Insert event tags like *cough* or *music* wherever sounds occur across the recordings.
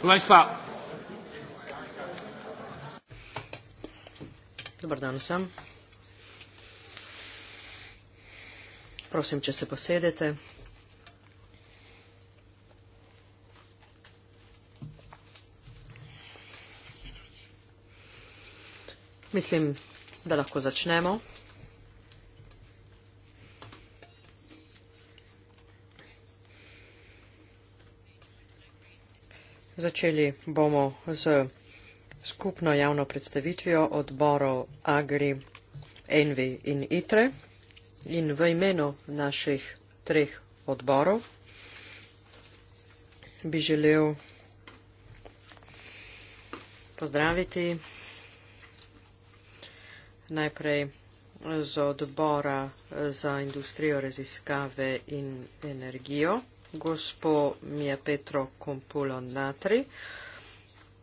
Thanks, Pa. Dobar dan vsem. Prosim, če se posedete. Mislim, da lahko začnemo. Začeli bomo z skupno javno predstavitvijo odborov Agri, Envi in ITRE in v imenu naših treh odborov bi želel pozdraviti najprej z odbora za industrijo, raziskave in energijo gospo Mija Petro Kompulo-Natri,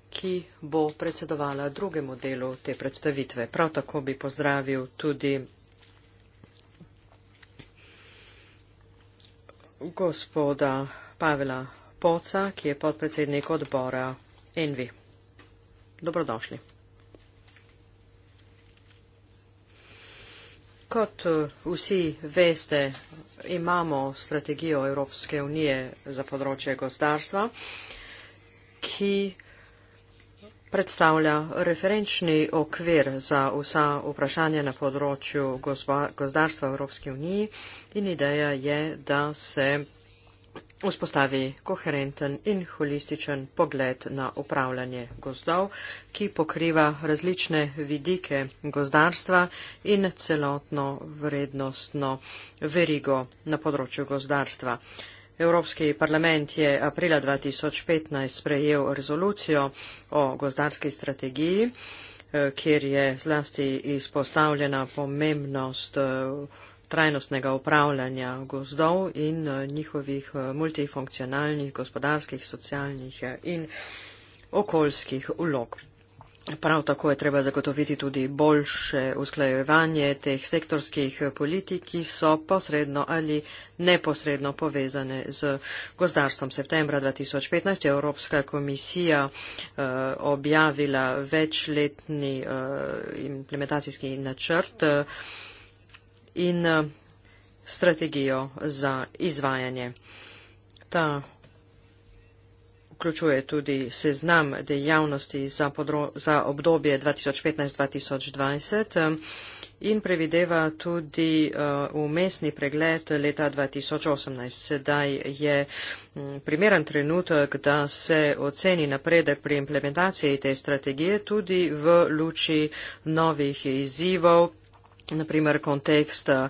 ki bo predsedovala drugemu delu te predstavitve. Prav tako bi pozdravil tudi gospoda Pavela Poca, ki je podpredsednik odbora Envi. Dobrodošli. Kot eh, vsi veste, imamo strategijo Evropske unije za področje gozdarstva, ki predstavlja referenčni okvir za vsa vprašanja na področju gozdarstva v Evropski uniji in ideja je, da se vzpostavi koherenten in holističen pogled na upravljanje gozdov, ki pokriva različne vidike gozdarstva in celotno vrednostno verigo na področju gozdarstva. Evropski parlament je aprila 2015 sprejel rezolucijo o gozdarski strategiji, eh, kjer je zlasti izpostavljena pomembnost eh, trajnostnega upravljanja gozdov in eh, njihovih eh, multifunkcionalnih gospodarskih, socialnih eh, in okoljskih ulog. Prav tako je treba zagotoviti tudi boljše usklajevanje teh sektorskih politik, ki so posredno ali neposredno povezane z gozdarstvom. Septembra 2015 je Evropska komisija uh, objavila večletni uh, implementacijski načrt. Uh, in eh, strategijo za izvajanje. Ta vključuje tudi seznam dejavnosti za, podro, za obdobje 2015-2020 eh, in prevideva tudi eh, umestni pregled leta 2018. Sedaj je mm, primeren trenutek, da se oceni napredek pri implementaciji te strategije tudi v luči novih izzivov naprimer kontekst eh,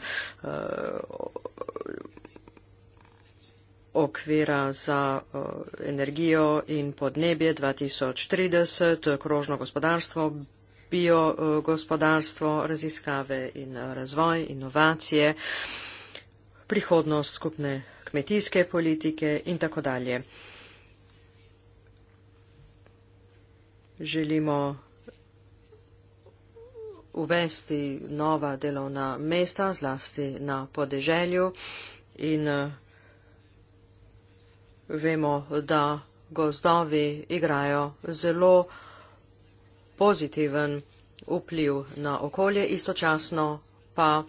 okvira za eh, energijo in podnebje 2030, krožno gospodarstvo, biogospodarstvo, eh, raziskave in razvoj, inovacije, prihodnost skupne kmetijske politike in tako dalje. Želimo uvesti nova delovna mesta, zlasti na podeželju. In eh, vemo, da gozdovi igrajo zelo pozitiven vpliv na okolje, istočasno pa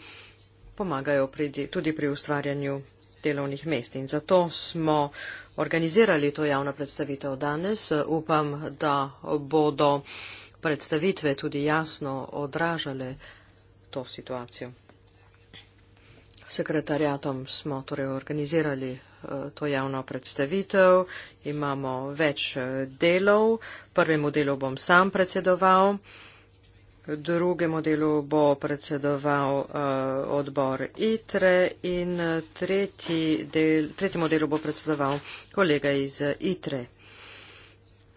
pomagajo pri, tudi pri ustvarjanju delovnih mest. In zato smo organizirali to javno predstavitev danes. Upam, da bodo predstavitve tudi jasno odražale to situacijo. Sekretarjatom smo torej organizirali eh, to javno predstavitev, imamo več eh, delov, prvemu delu bom sam predsedoval, drugemu delu bo predsedoval eh, odbor ITRE in tretji del, tretjemu delu bo predsedoval kolega iz ITRE.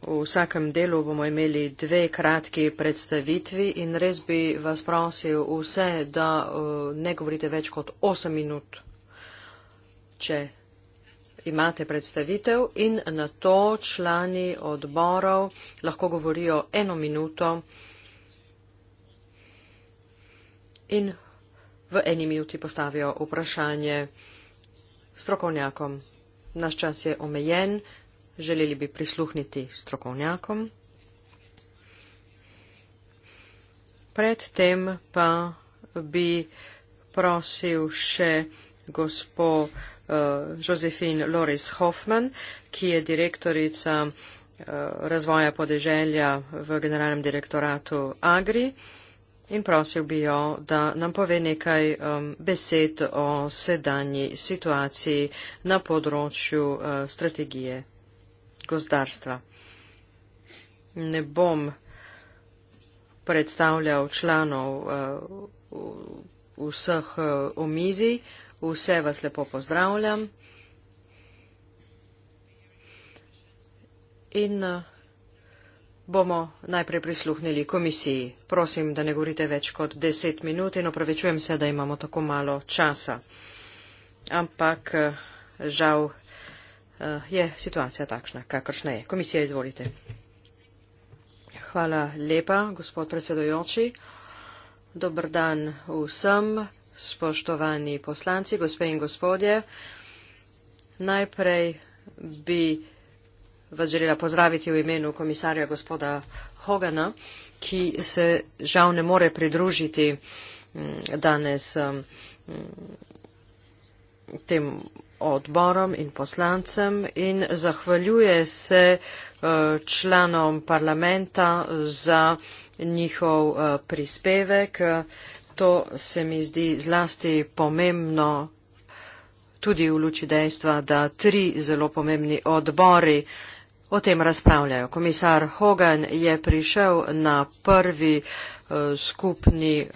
V vsakem delu bomo imeli dve kratki predstavitvi in res bi vas prosil vse, da eh, ne govorite več kot 8 minut, če imate predstavitev in na to člani odborov lahko govorijo eno minuto in v eni minuti postavijo vprašanje strokovnjakom. Naš čas je omejen, Želeli bi prisluhniti strokovnjakom. Predtem pa bi prosil še gospo uh, eh, Josefin Loris Hoffman, ki je direktorica uh, razvoja podeželja v generalnem direktoratu Agri. In prosil bi jo, da nam pove nekaj um, besed o sedanji situaciji na področju uh, strategije gozdarstva. Ne bom predstavljal članov eh, vseh eh, omizij, vse vas lepo pozdravljam. In eh, bomo najprej prisluhnili komisiji. Prosim, da ne govorite več kot deset minut in opravičujem se, da imamo tako malo časa. Ampak žal Eh, je situacija takšna, kakršna je. Komisija, izvolite. Hvala lepa, gospod predsedojoči. Dobr dan vsem, spoštovani poslanci, gospe in gospodje. Najprej bi vas želela pozdraviti v imenu komisarja gospoda Hogana, ki se žal ne more pridružiti mm, danes mm, tem odborom in poslancem in zahvaljuje se eh, članom parlamenta za njihov eh, prispevek. To se mi zdi zlasti pomembno tudi v luči dejstva, da tri zelo pomembni odbori o tem razpravljajo. Komisar Hogan je prišel na prvi eh, skupni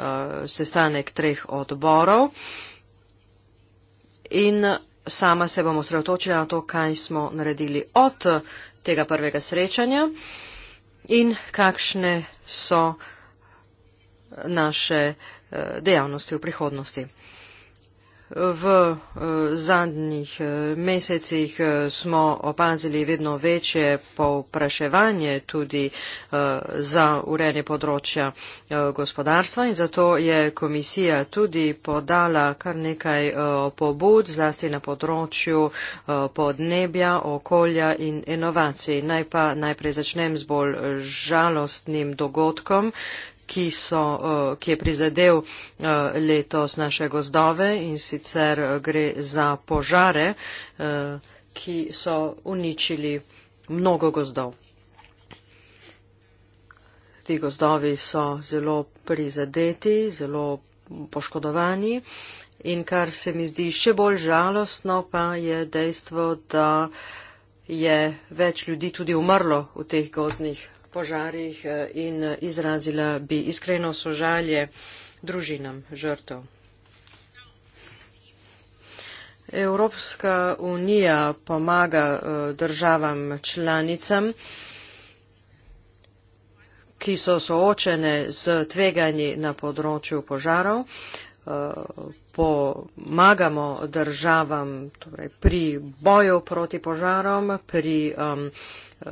sestanek treh odborov in sama se bom osredotočila na to, kaj smo naredili od tega prvega srečanja in kakšne so naše eh, dejavnosti v prihodnosti. V eh, zadnjih eh, mesecih eh, smo opazili vedno večje povpraševanje tudi za urejanje področja gospodarstva in zato je komisija tudi podala kar nekaj pobud zlasti na področju podnebja, okolja in inovacij. Naj pa najprej začnem z bolj žalostnim dogodkom, ki, so, eh, ki je prizadel eh, letos naše gozdove in sicer eh, gre za požare, ki so uničili mnogo gozdov. Ti gozdovi so zelo prizadeti, zelo poškodovani. In kar se mi zdi še bolj žalostno, pa je dejstvo, da je več ljudi tudi umrlo v teh gozdnih požarih eh, in eh, izrazila bi iskreno sožalje družinam žrtov. Evropska unija pomaga eh, državam članicam, ki so soočene z tveganji na področju požarov pomagamo državam torej pri boju proti požarom, pri um, eh,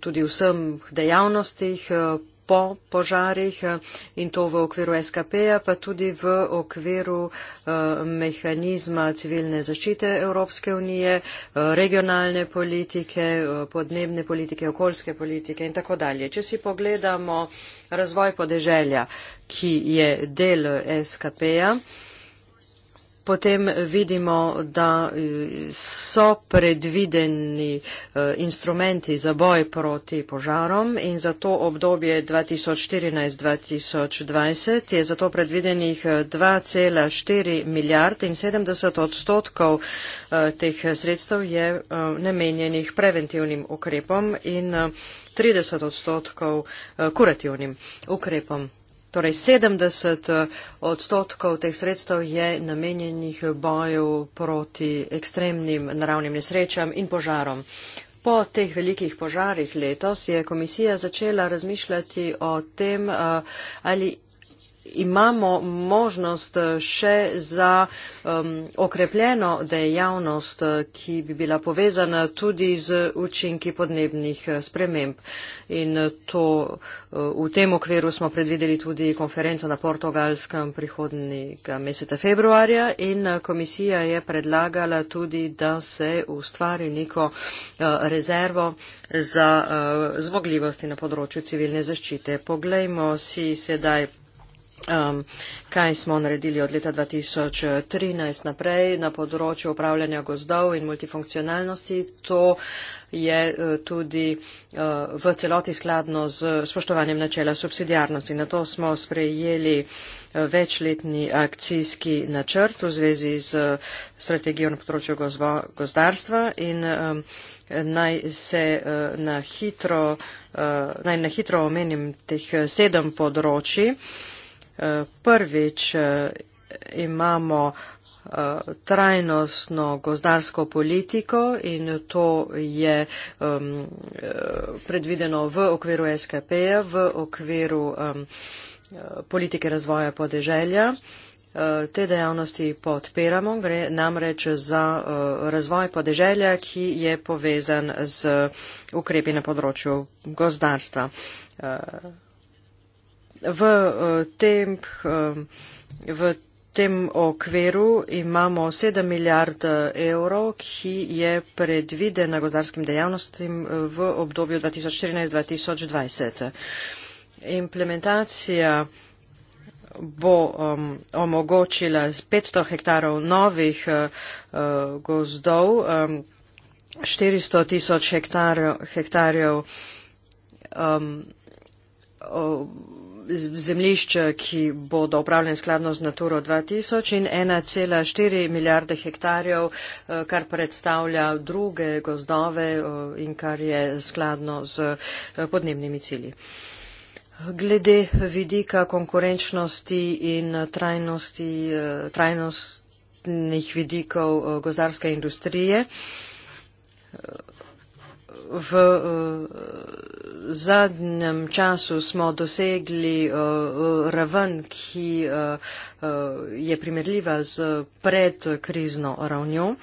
tudi vsem dejavnostih eh, po požarih eh, in to v okviru SKP-ja, pa tudi v okviru mehanizma civilne zaščite Evropske unije, regionalne politike, podnebne politike, okoljske politike in tako dalje. Če si pogledamo razvoj podeželja, ki je del SKP-ja, potem vidimo, da eh, so predvideni eh, instrumenti za boj proti požarom in za to obdobje 2014-2020 je zato predvidenih 2,4 eh, milijard in 70 odstotkov teh sredstev je namenjenih preventivnim ukrepom in 30 odstotkov kurativnim ukrepom. Torej 70 eh, odstotkov teh sredstev je namenjenih boju proti ekstremnim naravnim nesrečam in požarom. Po teh velikih požarih letos je komisija začela razmišljati o tem, eh, ali imamo možnost še za um, okrepljeno dejavnost, ki bi bila povezana tudi z učinki podnebnih eh, sprememb. In eh, to eh, v tem okviru smo predvideli tudi konferenco na portugalskem prihodnjega meseca februarja in komisija je predlagala tudi, da se ustvari neko uh, rezervo za uh, zmogljivosti na področju civilne zaščite. Poglejmo si sedaj Um, kaj smo naredili od leta 2013 naprej na področju upravljanja gozdov in multifunkcionalnosti. To je uh, tudi uh, v celoti skladno z spoštovanjem načela subsidijarnosti. Na to smo sprejeli uh, večletni akcijski načrt v zvezi z uh, strategijo na področju gozvo, gozdarstva in um, naj se uh, na hitro, uh, naj na hitro omenim teh sedem področji. Eh, prvič eh, imamo eh, trajnostno gozdarsko politiko in to je um, predvideno v okviru SKP-ja, v okviru um, politike razvoja podeželja. Te dejavnosti podpiramo, gre namreč za razvoj podeželja, ki je povezan z ukrepi na področju gozdarstva v eh, tem, eh, v tem okviru imamo 7 milijard eh, evrov, ki je predviden na gozdarskim dejavnostim v obdobju 2014-2020. Implementacija bo um, omogočila 500 hektarov novih uh, gozdov, um, 400 tisoč hektar, hektarjev um, zemljišča, ki bodo upravljene skladno z Naturo 2000 in 1,4 milijarde hektarjev, eh, kar predstavlja druge gozdove eh, in kar je skladno z eh, podnebnimi cilji. Glede vidika konkurenčnosti in trajnosti, trajnostnih vidikov gozdarske industrije, v uh, zadnjem času smo dosegli uh, raven, ki uh, uh, je primerljiva z predkrizno ravnjo.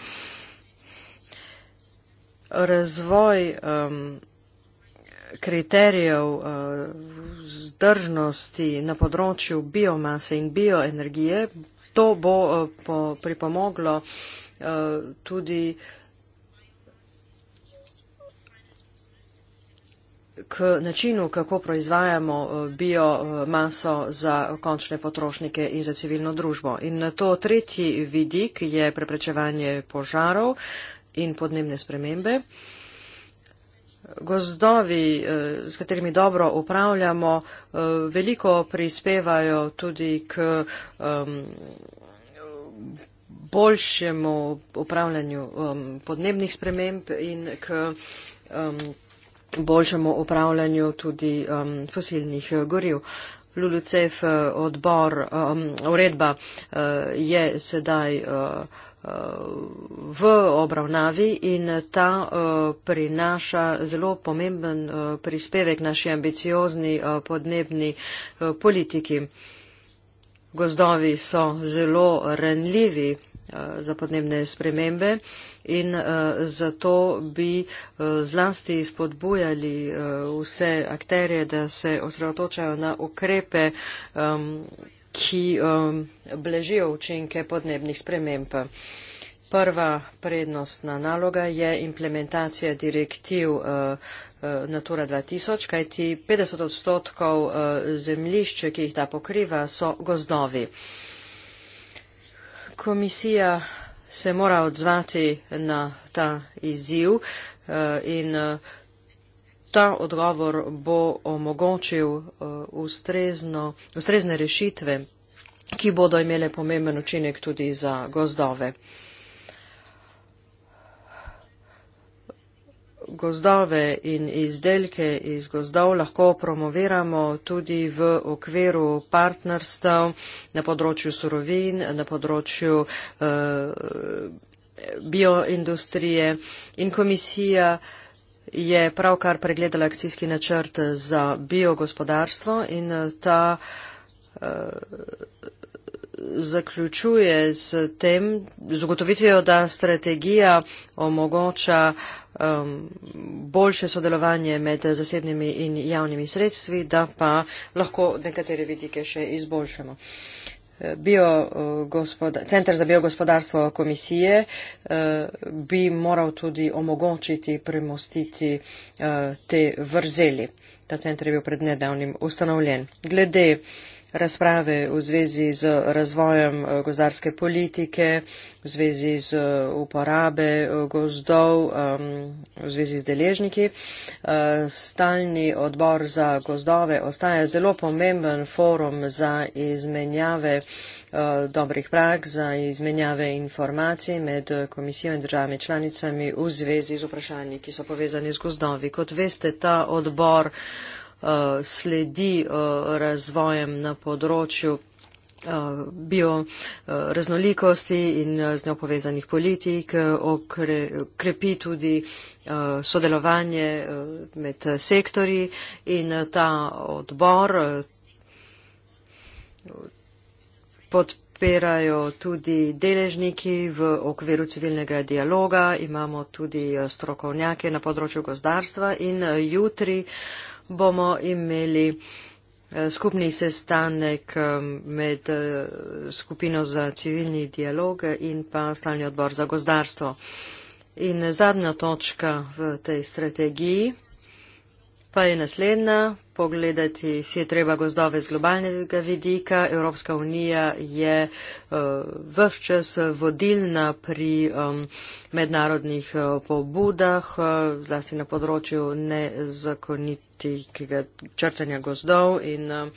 Razvoj um, kriterijev zdržnosti uh, na področju biomase in bioenergije, to bo uh, po, pripomoglo uh, tudi uh, k načinu, kako proizvajamo eh, biomaso eh, za končne potrošnike in za civilno družbo. In na to tretji vidik je preprečevanje požarov in podnebne spremembe. Gozdovi, eh, s katerimi dobro upravljamo, veliko prispevajo tudi k boljšemu upravljanju podnebnih sprememb in k boljšemu upravljanju tudi um, fosilnih uh, goriv. LULUCEF uh, odbor, um, uredba uh, je sedaj uh, uh, v obravnavi in ta uh, prinaša zelo pomemben uh, prispevek naši ambiciozni uh, podnebni uh, politiki. Gozdovi so zelo renljivi. Eh, za podnebne spremembe in eh, zato bi eh, zlasti spodbujali vse akterje, da se osredotočajo na ukrepe, ki bležijo učinke podnebnih sprememb. Prva prednostna naloga je implementacija direktiv Natura 2000, kajti 50 odstotkov zemlišče, ki jih ta pokriva, so gozdovi komisija se mora odzvati na ta izziv eh, in eh, ta odgovor bo omogočil eh, ustrezno, ustrezne rešitve, ki bodo imele pomemben učinek tudi za gozdove. gozdove in izdelke iz gozdov lahko promoviramo tudi v okviru partnerstv na področju surovin, na področju uh, bioindustrije in komisija je pravkar pregledala akcijski načrt za biogospodarstvo in eh, ta uh, zaključuje z tem, z ugotovitvijo, da strategija omogoča um, boljše sodelovanje med zasebnimi in javnimi sredstvi, da pa lahko nekatere vidike še izboljšamo. Bio, uh, gospod, Centr za biogospodarstvo komisije uh, bi moral tudi omogočiti premostiti uh, te vrzeli. Ta centr je bil pred nedavnim ustanovljen. Glede uh, razprave v zvezi z razvojem eh, gozdarske politike, v zvezi z eh, uporabe eh, gozdov, v zvezi z deležniki. Stalni odbor za gozdove ostaja zelo pomemben forum za izmenjave dobrih prak, za izmenjave informacij med komisijo in državami članicami v zvezi z vprašanji, ki so povezani z gozdovi. Kot veste, ta odbor Eh, sledi eh, razvojem na področju eh, bioraznolikosti in z njo povezanih politik, okrepi tudi sodelovanje med sektori in ta odbor podpirajo tudi deležniki v okviru civilnega dialoga, imamo tudi strokovnjake na področju gozdarstva in jutri bomo imeli eh, skupni sestanek eh, med eh, skupino za civilni dialog in pa stalni odbor za gozdarstvo. In zadnja točka v tej strategiji pa je naslednja. Pogledati si je treba gozdove z globalnega vidika. Evropska unija je uh, vse čas vodilna pri um, mednarodnih uh, pobudah, uh, zlasti na področju nezakonitih tega črtanja gozdov in eh,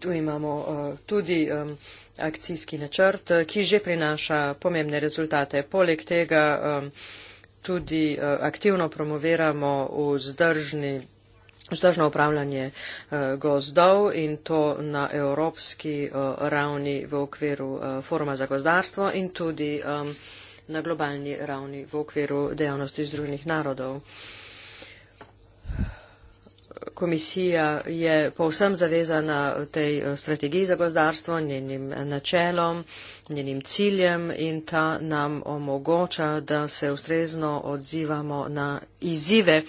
tu imamo eh, tudi eh, akcijski načrt, ki že prinaša pomembne rezultate. Poleg tega tudi aktivno promoviramo vzdržni vzdržno upravljanje gozdov in to na evropski ravni v okviru Foruma za gozdarstvo in tudi na globalni ravni v okviru dejavnosti Združenih narodov komisija je povsem zavezana tej eh, strategiji za gozdarstvo, njenim eh, načelom, njenim ciljem in ta nam omogoča, da se ustrezno odzivamo na izzive,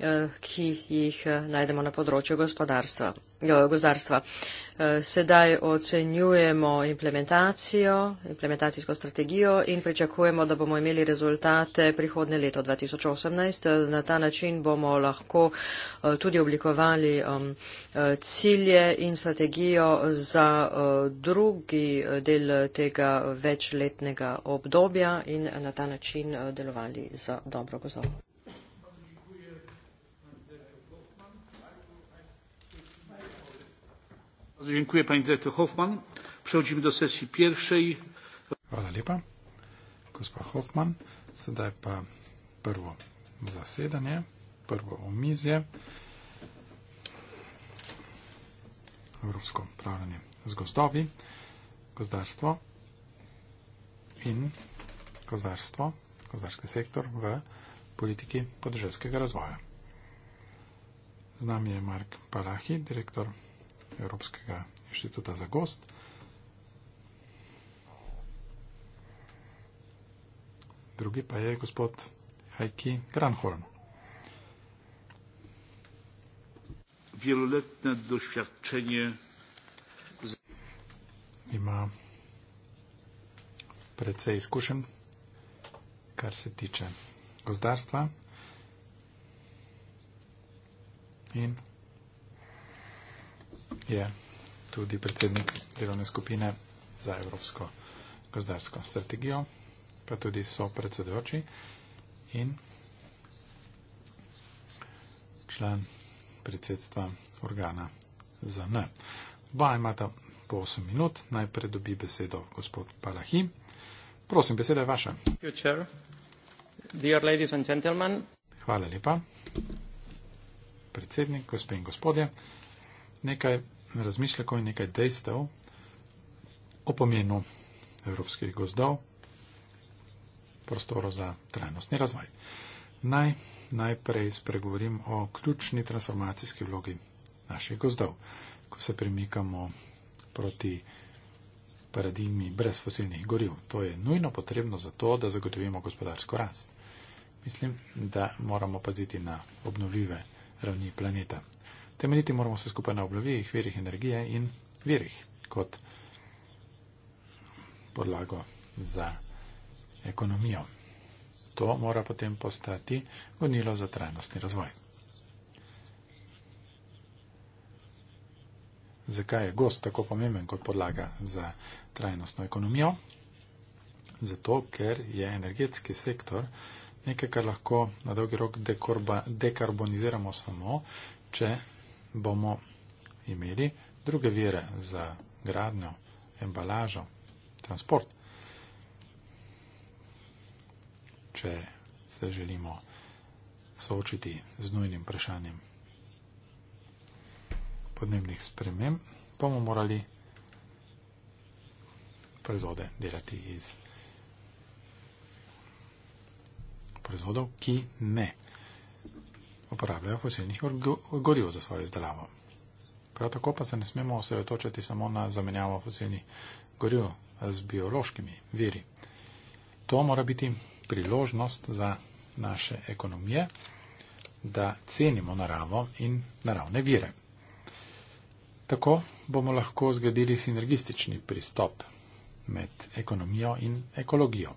Eh, ki jih eh, najdemo na področju eh, gozdarstva. Sedaj ocenjujemo implementacijo, implementacijsko strategijo in pričakujemo, da bomo imeli rezultate prihodne leto 2018. Na ta način bomo lahko tudi oblikovali um, cilje in strategijo za drugi del tega večletnega obdobja in na ta način delovali za dobro gozdo. Hvala lepa, gospa Hoffman. Sedaj pa prvo zasedanje, prvo omizje. Evropsko upravljanje z gozdovi, gozdarstvo in gozdarstvo, gozdarski sektor v politiki podeželskega razvoja. Z nami je Mark Palahi, direktor Evropskega inštituta za gost. Drugi pa je gospod Heiki Granholm. Violetne doświadczenie. Ima precej izkušen, kar se tiče gozdarstva in je tudi predsednik delovne skupine za evropsko gozdarsko strategijo, pa tudi so predsedujoči in član predsedstva organa za N. Oba imata po 8 minut, najprej dobi besedo gospod Palahi. Prosim, beseda je vaša. Dear ladies and gentlemen. Hvala lepa. Predsednik, gospe in gospodje, nekaj razmišljakov in nekaj dejstev o pomenu evropskih gozdov, prostoru za trajnostni razvoj. Naj najprej spregovorim o ključni transformacijski vlogi naših gozdov, ko se premikamo proti paradigmi brez fosilnih goriv. To je nujno potrebno za to, da zagotovimo gospodarsko rast. Mislim, da moramo paziti na obnovljive ravni planeta temeljiti moramo vse skupaj na obnovljivih virih energije in virih kot podlago za ekonomijo. To mora potem postati gonilo za trajnostni razvoj. Zakaj je gost tako pomemben kot podlaga za trajnostno ekonomijo? Zato, ker je energetski sektor nekaj, kar lahko na dolgi rok dekarboniziramo samo, če bomo imeli druge vire za gradnjo, embalažo, transport. Če se želimo soočiti z nujnim vprašanjem podnebnih sprememb, bomo morali proizvode delati iz proizvodov, ki ne uporabljajo fosilnih goriv za svojo izdelavo. Prav tako pa se ne smemo osredotočiti samo na zamenjavo fosilnih goriv z biološkimi viri. To mora biti priložnost za naše ekonomije, da cenimo naravo in naravne vire. Tako bomo lahko zgradili sinergistični pristop med ekonomijo in ekologijo.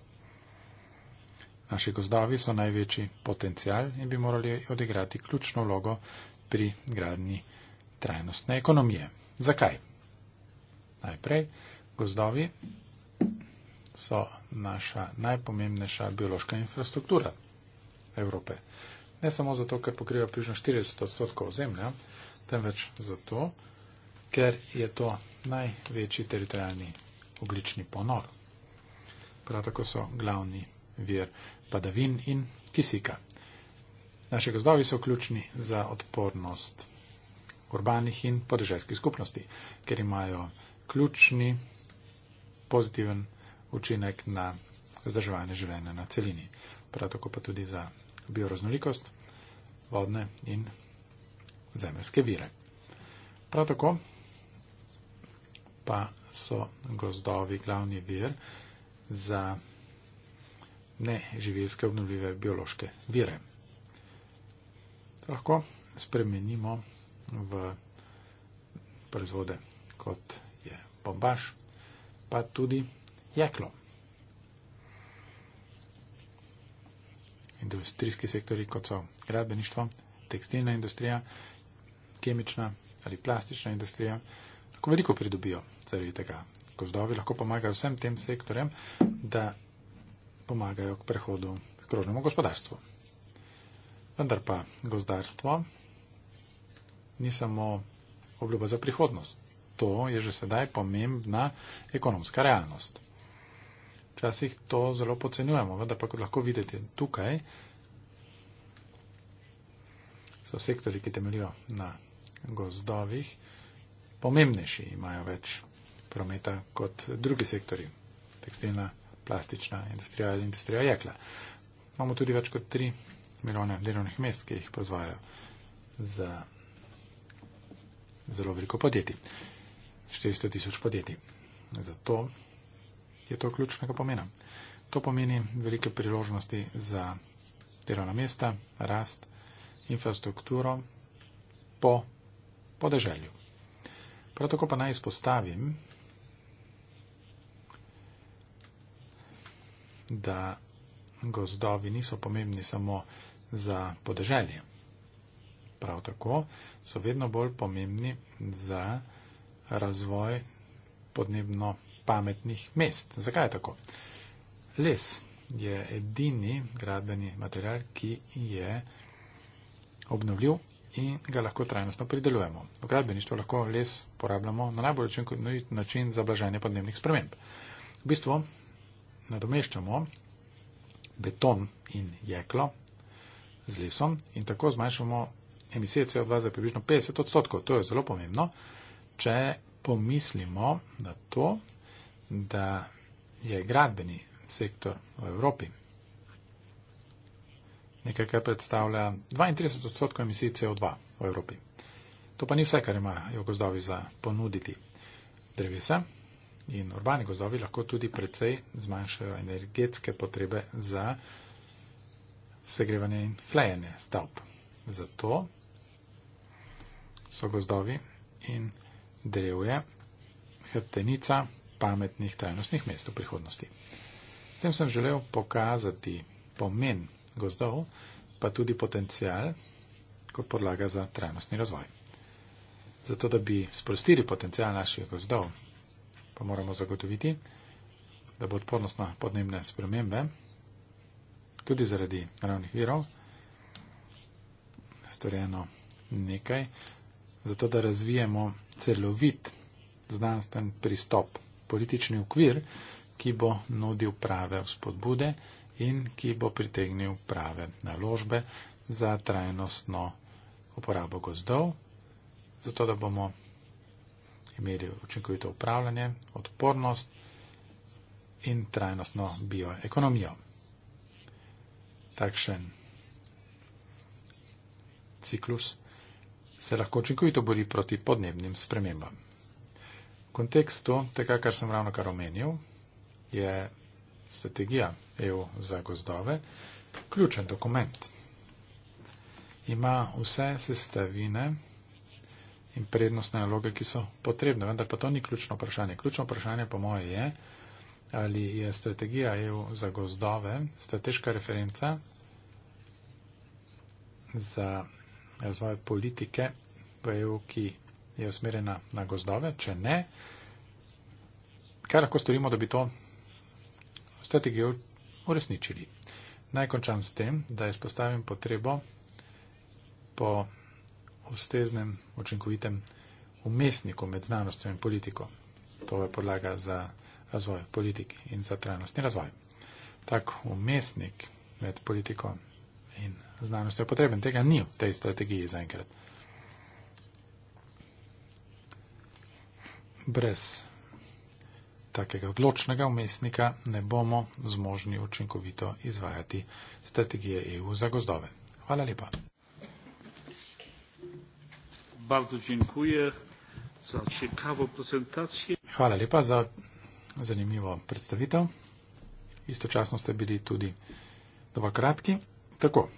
Naši gozdovi so največji potencial in bi morali odigrati ključno vlogo pri gradni trajnostne ekonomije. Zakaj? Najprej, gozdovi so naša najpomembnejša biološka infrastruktura Evrope. Ne samo zato, ker pokriva približno 40 odstotkov zemlja, temveč zato, ker je to največji teritorijalni oglični ponor. Prav tako so glavni vir padavin in kisika. Naši gozdovi so ključni za odpornost urbanih in podeželskih skupnosti, ker imajo ključni pozitiven učinek na zdrževanje življenja na celini. Prav tako pa tudi za bioraznolikost, vodne in zemeljske vire. Prav tako pa so gozdovi glavni vir za ne živelske obnovljive biološke vire. Lahko spremenimo v proizvode, kot je bombaž, pa tudi jeklo. Industrijski sektori, kot so gradbeništvo, tekstilna industrija, kemična ali plastična industrija, lahko veliko pridobijo zaradi tega. Gozdovi lahko pomagajo vsem tem sektorjem, da pomagajo k prehodu k krožnemu gospodarstvu. Vendar pa gozdarstvo ni samo obljuba za prihodnost. To je že sedaj pomembna ekonomska realnost. Včasih to zelo pocenjujemo, vendar pa kot lahko vidite tukaj, so sektori, ki temeljijo na gozdovih, pomembnejši, imajo več prometa kot drugi sektori. Tekstilna plastična industrija ali industrija jekla. Imamo tudi več kot tri milijone delovnih mest, ki jih proizvajajo za zelo veliko podjetij. 400 tisoč podjetij. Zato je to ključnega pomena. To pomeni velike priložnosti za delovna mesta, rast, infrastrukturo po podeželju. Prav tako pa naj izpostavim, da gozdovi niso pomembni samo za podeželje. Prav tako so vedno bolj pomembni za razvoj podnebno pametnih mest. Zakaj je tako? Les je edini gradbeni material, ki je obnovljiv in ga lahko trajnostno pridelujemo. V gradbeništvu lahko les porabljamo na najbolj učinkovit način za blaženje podnebnih sprememb. V bistvu nadomeščamo beton in jeklo z lesom in tako zmanjšamo emisije CO2 za približno 50 odstotkov. To je zelo pomembno, če pomislimo na to, da je gradbeni sektor v Evropi nekaj, kar predstavlja 32 odstotkov emisij CO2 v Evropi. To pa ni vse, kar imajo gozdovi za ponuditi drevesa. In urbani gozdovi lahko tudi precej zmanjšajo energetske potrebe za segrevanje in hlajenje stavb. Zato so gozdovi in drevje hrbtenica pametnih trajnostnih mest v prihodnosti. S tem sem želel pokazati pomen gozdov, pa tudi potencial kot podlaga za trajnostni razvoj. Zato, da bi sprostili potencial naših gozdov pa moramo zagotoviti, da bo odpornost na podnebne spremembe, tudi zaradi naravnih virov, storjeno nekaj, zato da razvijemo celovit znanstven pristop, politični ukvir, ki bo nudil prave vzpodbude in ki bo pritegnil prave naložbe za trajnostno uporabo gozdov, zato da bomo imeli učinkovito upravljanje, odpornost in trajnostno bioekonomijo. Takšen ciklus se lahko učinkovito bori proti podnebnim spremembam. V kontekstu tega, kar sem ravno kar omenil, je strategija EU za gozdove ključen dokument. Ima vse sestavine, in prednostne naloge, ki so potrebne. Vendar pa to ni ključno vprašanje. Ključno vprašanje, po moje, je, ali je strategija EU za gozdove strateška referenca za razvoj politike v EU, ki je usmerjena na gozdove. Če ne, kaj lahko storimo, da bi to strategijo uresničili? Naj končam s tem, da izpostavim potrebo po ustreznem, učinkovitem umestniku med znanostjo in politiko. To je podlaga za razvoj politik in za trajnostni razvoj. Tak umestnik med politiko in znanostjo je potreben. Tega ni v tej strategiji zaenkrat. Brez takega odločnega umestnika ne bomo zmožni učinkovito izvajati strategije EU za gozdove. Hvala lepa. Bardzo dziękuję za ciekawą prezentację. Hvala lepa za zanimivo predstavitev. Istočasno ste bili tudi dva kratki. Tako,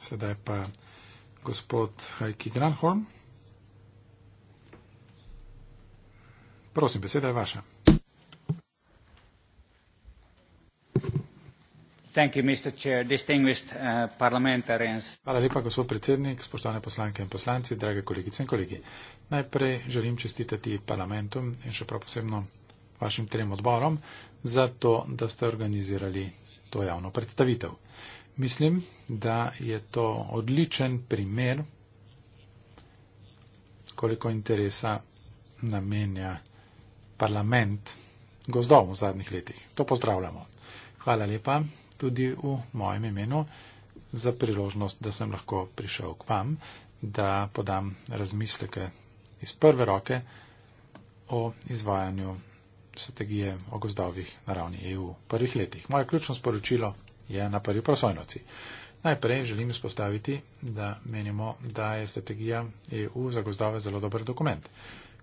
sedaj pa gospod Heike Granholm. Prosim, beseda je vaša. Uh, Hvala lepa, gospod predsednik, spoštovane poslanke in poslanci, drage kolegice in kolegi. Najprej želim čestitati parlamentom in še prav posebno vašim trem odborom za to, da ste organizirali to javno predstavitev. Mislim, da je to odličen primer, koliko interesa namenja parlament gozdov v zadnjih letih. To pozdravljamo. Hvala lepa tudi v mojem imenu za priložnost, da sem lahko prišel k vam, da podam razmisleke iz prve roke o izvajanju strategije o gozdovih na ravni EU v prvih letih. Moje ključno sporočilo je na prvi prosojnoci. Najprej želim izpostaviti, da menimo, da je strategija EU za gozdove zelo dober dokument.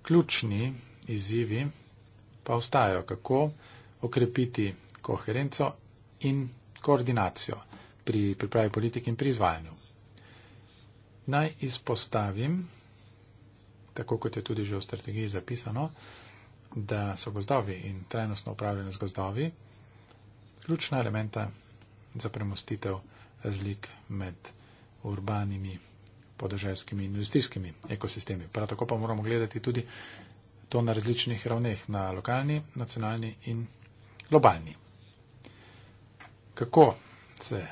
Ključni izzivi pa ostajajo, kako okrepiti koherenco in koordinacijo pri pripravi politik in pri izvajanju. Naj izpostavim, tako kot je tudi že v strategiji zapisano, da so gozdovi in trajnostno upravljanje z gozdovi ključna elementa za premostitev razlik med urbanimi, podeželskimi in industrijskimi ekosistemi. Prav tako pa moramo gledati tudi to na različnih ravneh, na lokalni, nacionalni in globalni kako se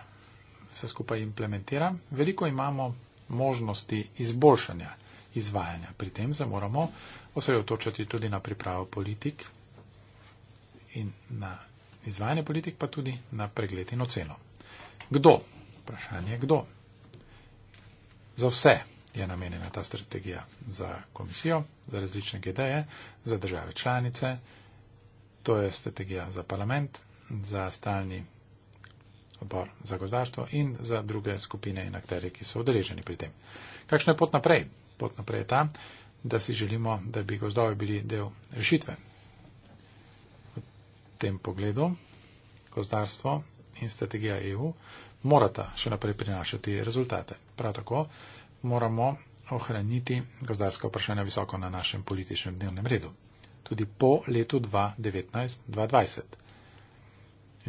vse skupaj implementira, veliko imamo možnosti izboljšanja izvajanja. Pri tem se moramo osredotočati tudi na pripravo politik in na izvajanje politik, pa tudi na pregled in oceno. Kdo? Vprašanje, kdo? Za vse je namenjena ta strategija za komisijo, za različne GDE, za države članice, to je strategija za parlament, za stalni odbor za gozdarstvo in za druge skupine in akteri, ki so odeleženi pri tem. Kakšna je pot naprej? Pot naprej je ta, da si želimo, da bi gozdovi bili del rešitve. V tem pogledu gozdarstvo in strategija EU morata še naprej prinašati rezultate. Prav tako moramo ohraniti gozdarska vprašanja visoko na našem političnem dnevnem redu. Tudi po letu 2019-2020.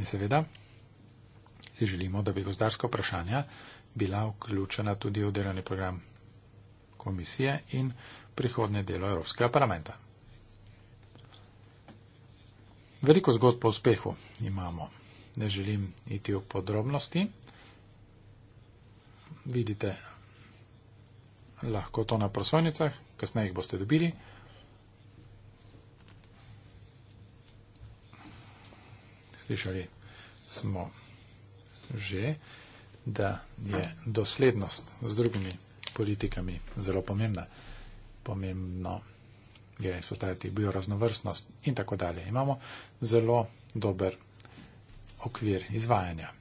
In seveda, si želimo, da bi gozdarska vprašanja bila vključena tudi v delovni program komisije in prihodne delo Evropskega parlamenta. Veliko zgodb po uspehu imamo. Ne želim iti v podrobnosti. Vidite lahko to na prosojnicah, kasneje jih boste dobili. Slišali smo že, da je doslednost z drugimi politikami zelo pomembna. Pomembno je izpostaviti bioraznovrstnost in tako dalje. Imamo zelo dober okvir izvajanja.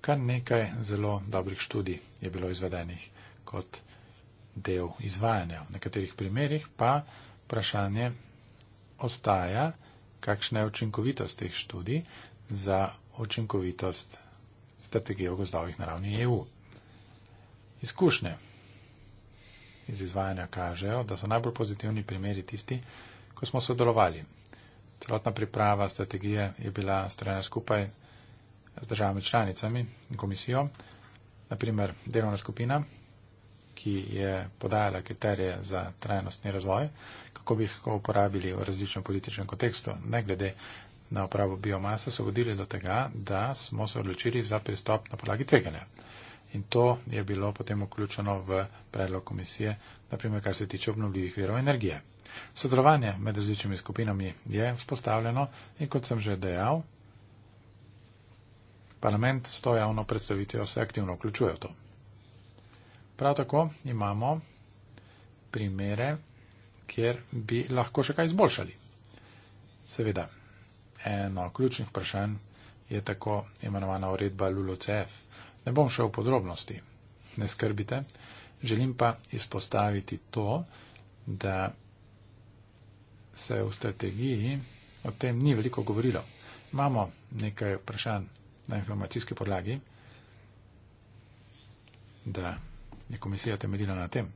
Kar nekaj zelo dobrih študij je bilo izvedenih kot del izvajanja. V nekaterih primerjih pa vprašanje ostaja, kakšna je učinkovitost teh študij za učinkovitost strategije o gozdovih na ravni EU. Izkušnje iz izvajanja kažejo, da so najbolj pozitivni primeri tisti, ko smo sodelovali. Celotna priprava strategije je bila strojena skupaj z državami članicami in komisijo, naprimer delovna skupina, ki je podajala kriterije za trajnostni razvoj, kako bi jih uporabili v različnem političnem kontekstu, ne glede na upravo biomase so vodili do tega, da smo se odločili za pristop na podlagi tveganja. In to je bilo potem vključeno v predlog komisije, naprimer, kar se tiče obnovljivih verov energije. Sodelovanje med različnimi skupinami je vzpostavljeno in kot sem že dejal, parlament s to javno predstavitvijo se aktivno vključuje v to. Prav tako imamo primere, kjer bi lahko še kaj izboljšali. Seveda, eno ključnih vprašanj je tako imenovana uredba LULOCF. Ne bom šel v podrobnosti, ne skrbite, želim pa izpostaviti to, da se v strategiji o tem ni veliko govorilo. Imamo nekaj vprašanj na informacijski podlagi, da je komisija temeljila na tem,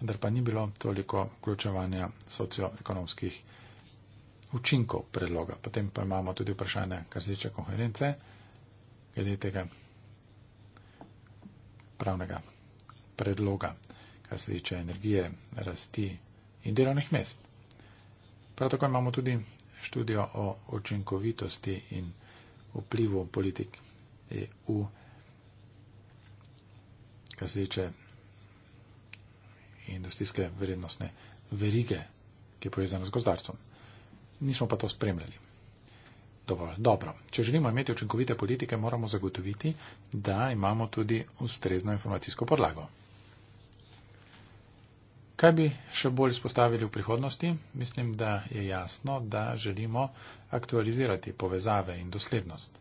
vendar pa ni bilo toliko vključevanja socioekonomskih učinkov predloga. Potem pa imamo tudi vprašanje, kar se tiče konference, glede tega pravnega predloga, kar se tiče energije, rasti in delovnih mest. Prav tako imamo tudi študijo o učinkovitosti in vplivu politik EU, kar se tiče industrijske vrednostne verige, ki je povezana z gozdarstvom nismo pa to spremljali. Dovolj. Dobro. Če želimo imeti učinkovite politike, moramo zagotoviti, da imamo tudi ustrezno informacijsko podlago. Kaj bi še bolj spostavili v prihodnosti? Mislim, da je jasno, da želimo aktualizirati povezave in doslednost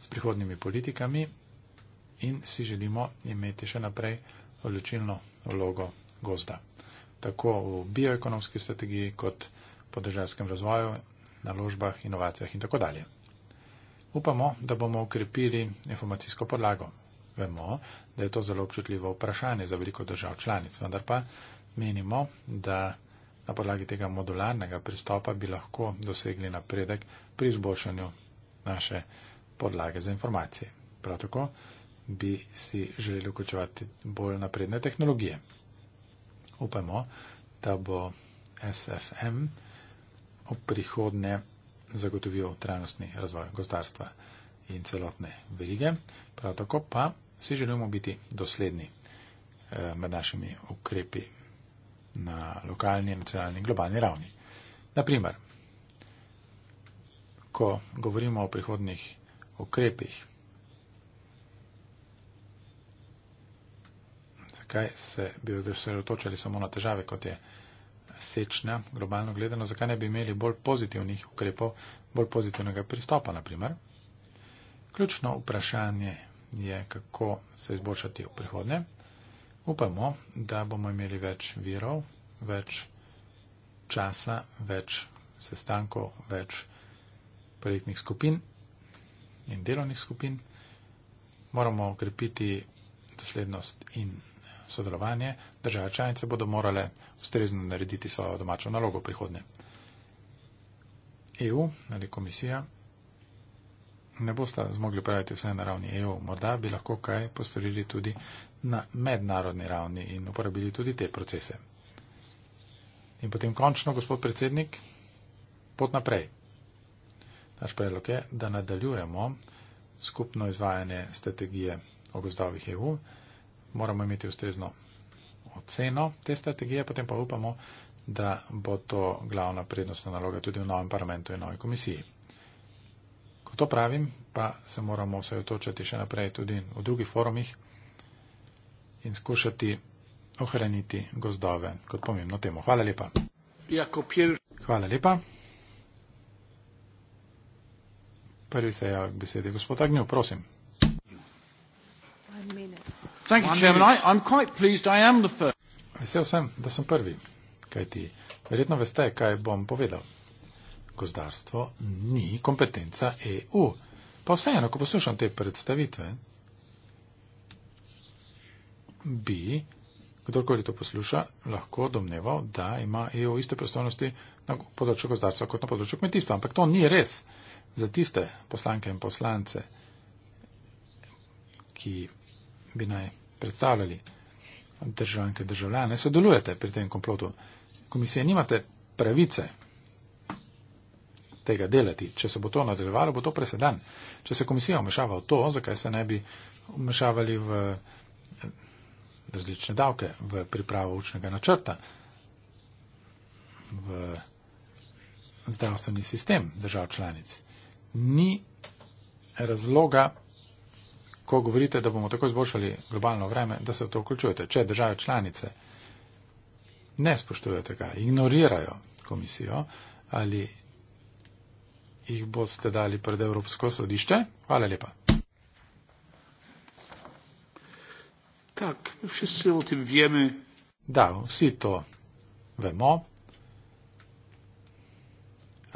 s prihodnimi politikami in si želimo imeti še naprej odločilno vlogo gozda. Tako v bioekonomski strategiji kot v podeželskem razvoju, naložbah, inovacijah in tako dalje. Upamo, da bomo ukrepili informacijsko podlago. Vemo, da je to zelo občutljivo vprašanje za veliko držav članic, vendar pa menimo, da na podlagi tega modularnega pristopa bi lahko dosegli napredek pri izboljšanju naše podlage za informacije. Prav tako bi si želeli vključevati bolj napredne tehnologije. Upamo, da bo SFM v prihodnje zagotovijo trajnostni razvoj gospodarstva in celotne verige. Prav tako pa si želimo biti dosledni eh, med našimi ukrepi na lokalni, nacionalni, globalni ravni. Naprimer, ko govorimo o prihodnih ukrepih, zakaj se bi osredotočali samo na težave, kot je sečnja, globalno gledano, zakaj ne bi imeli bolj pozitivnih ukrepov, bolj pozitivnega pristopa, naprimer. Ključno vprašanje je, kako se izboljšati v prihodnje. Upamo, da bomo imeli več virov, več časa, več sestankov, več projektnih skupin in delovnih skupin. Moramo okrepiti doslednost in sodelovanje, države članice bodo morale ustrezno narediti svojo domačo nalogo v prihodnje. EU ali komisija ne bosta zmogli praviti vse na ravni EU, morda bi lahko kaj postorili tudi na mednarodni ravni in uporabili tudi te procese. In potem končno, gospod predsednik, pot naprej. Naš predlog je, da nadaljujemo skupno izvajanje strategije o gozdovih EU moramo imeti ustrezno oceno te strategije, potem pa upamo, da bo to glavna prednostna naloga tudi v novem parlamentu in novi komisiji. Ko to pravim, pa se moramo vse otočati še naprej tudi v drugih forumih in skušati ohraniti gozdove kot pomembno temo. Hvala lepa. Hvala lepa. Prvi se je k besedi gospod Agnjo, prosim. Thank you, Chairman. I, I'm quite pleased I am the first. Vesel sem, da sem prvi, kajti verjetno veste, kaj bom povedal. Gozdarstvo ni kompetenca EU. Pa vseeno, ko poslušam te predstavitve, bi, kdorkoli to posluša, lahko domneval, da ima EU iste prostornosti na področju gozdarstva kot na področju kmetijstva. Ampak to ni res za tiste poslanke in poslance, ki bi naj predstavljali državljanke, državljane, sodelujete pri tem komplotu. Komisije nimate pravice tega delati. Če se bo to nadaljevalo, bo to preseden. Če se komisija vmešava v to, zakaj se ne bi vmešavali v eh, različne davke, v pripravo učnega načrta, v zdravstveni sistem držav članic. Ni razloga ko govorite, da bomo tako izboljšali globalno vreme, da se v to vključujete. Če države članice ne spoštujejo tega, ignorirajo komisijo, ali jih boste dali pred Evropsko sodišče? Hvala lepa. Tak, vse se o tem vjeme. Da, vsi to vemo,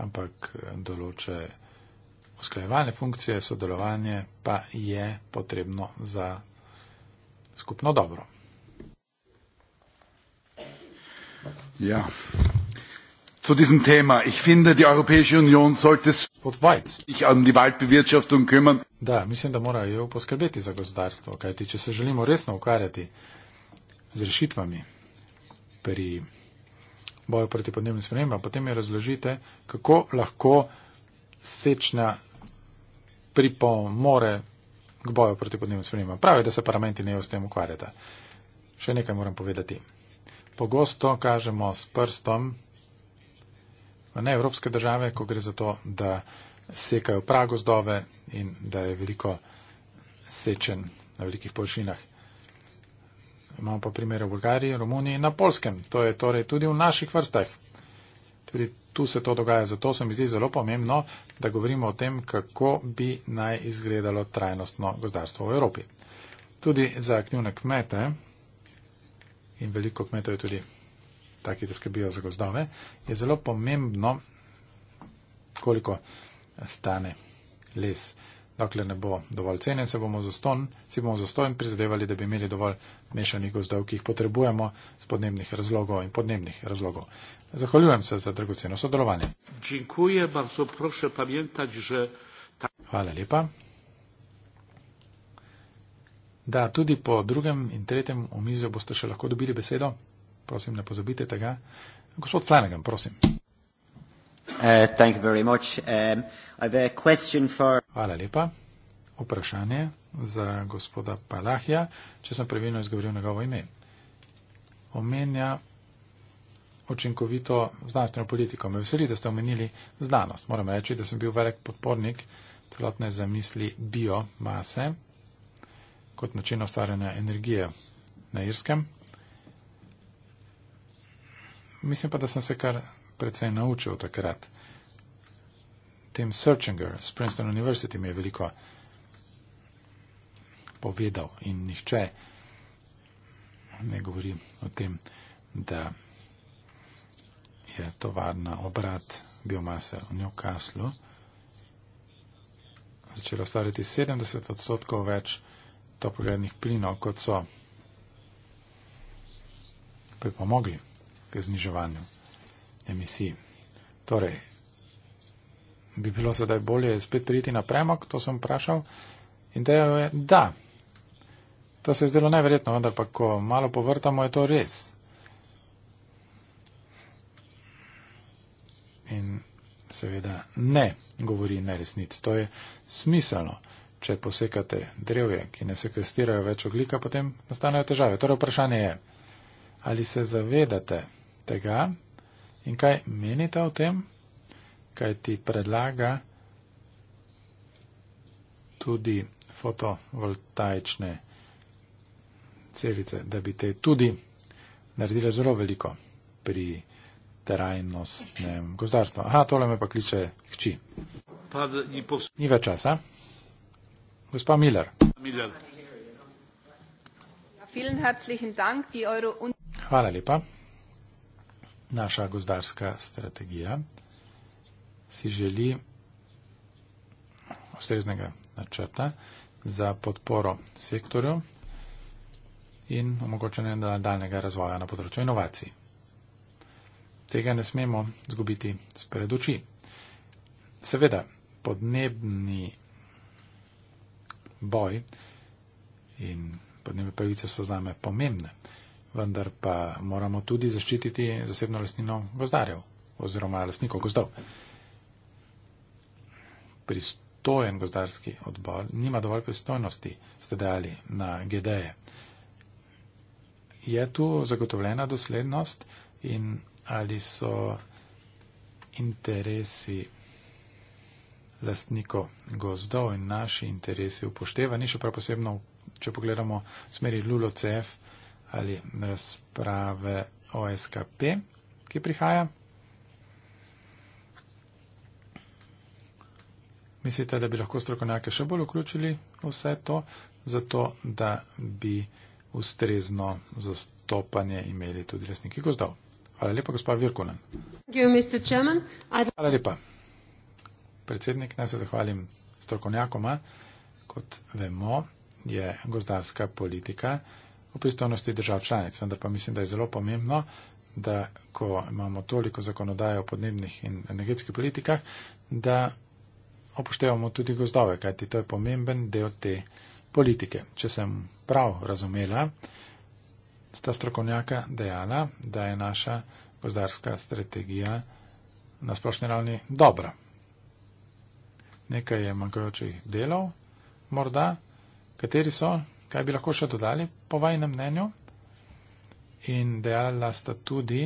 ampak eh, določe usklajevalne funkcije, sodelovanje pa je potrebno za skupno dobro. Ja. Zu diesem Thema. Ich finde, die Europäische Union sollte sich um die Waldbewirtschaftung kümmern. Da, mislim, da mora EU poskrbeti za gospodarstvo, kajti če se želimo resno ukvarjati z rešitvami pri boju proti podnebnim spremembam, potem jo razložite, kako lahko sečna pripomore k boju proti podnebnim spremembam. Pravi, da se parlamenti ne s tem ukvarjata. Še nekaj moram povedati. Pogosto kažemo s prstom v neevropske države, ko gre za to, da sekajo pragozdove in da je veliko sečen na velikih površinah. Imamo pa primere v Bolgariji, Romuniji in na Polskem. To je torej tudi v naših vrstah. Tudi tu se to dogaja. Zato se mi zdi zelo pomembno, da govorimo o tem, kako bi naj izgledalo trajnostno gozdarstvo v Evropi. Tudi za aktivne kmete in veliko kmetov je tudi takih, da skrbijo za gozdove, je zelo pomembno, koliko stane les. Dokler ne bo dovolj cenjen, se bomo zaston, si bomo zastojen prizadevali, da bi imeli dovolj mešanih gozdov, ki jih potrebujemo z podnebnih razlogov in podnebnih razlogov. Zahvaljujem se za dragoceno sodelovanje. Hvala lepa. Da, tudi po drugem in tretjem omizju boste še lahko dobili besedo. Prosim, ne pozabite tega. Gospod Flanagan, prosim. Eh, um, Hvala lepa. Vprašanje za gospoda Palahija, če sem pravilno izgovoril njegovo ime. Omenja učinkovito znanstveno politiko. Me veseli, da ste omenili znanost. Moram reči, da sem bil velik podpornik celotne zamisli biomase kot način ustvarjanja energije na Irskem. Mislim pa, da sem se kar predvsej naučil takrat. Tim Searchinger z Princeton University mi je veliko povedal in nihče ne govori o tem, da je tovar na obrat biomase v Newcastlu začelo ustvarjati 70 odstotkov več toplogrednih plinov, kot so pripomogli k zniževanju emisij. Torej, bi bilo sedaj bolje spet priti na premok, to sem vprašal in dejal je, da. To se je zdelo najverjetno, vendar pa ko malo povrtamo, je to res. In seveda ne govori neresnic. To je smiselno. Če posekate drevje, ki ne sekvestirajo več oglika, potem nastanejo težave. Torej vprašanje je, ali se zavedate tega in kaj menite o tem, kaj ti predlaga tudi fotovoltaične celice, da bi te tudi naredile zelo veliko pri trajnostnem gozdarstvu. Aha, tole me pa kliče hči. Pa, ni, pos... ni več časa. Gospa Miller. Miller. Ja, Hvala lepa. Naša gozdarska strategija si želi ustreznega načrta za podporo sektorju in omogočanje nadaljnega razvoja na področju inovacij tega ne smemo zgubiti spred oči. Seveda, podnebni boj in podnebne pravice so zame pomembne, vendar pa moramo tudi zaščititi zasebno lastnino gozdarjev oziroma lastnikov gozdov. Pristojen gozdarski odbor nima dovolj pristojnosti, ste dali na GDE. Je tu zagotovljena doslednost in ali so interesi lastniko gozdov in naši interesi upoštevani, še prav posebno, če pogledamo v smeri LULOCF ali razprave OSKP, ki prihaja. Mislite, da bi lahko strokovnjake še bolj vključili vse to, zato da bi ustrezno zastopanje imeli tudi lastniki gozdov? Hvala lepa, gospa Virkunen. Hvala lepa. Predsednik, naj se zahvalim strokovnjakoma. Kot vemo, je gozdarska politika v pristojnosti držav članic, vendar pa mislim, da je zelo pomembno, da ko imamo toliko zakonodaje o podnebnih in energetskih politikah, da opuštevamo tudi gozdove, kajti to je pomemben del te politike. Če sem prav razumela, sta strokovnjaka dejala, da je naša gozdarska strategija na splošni ravni dobra. Nekaj je manjkajočih delov, morda, kateri so, kaj bi lahko še dodali po vajnem mnenju. In dejala sta tudi,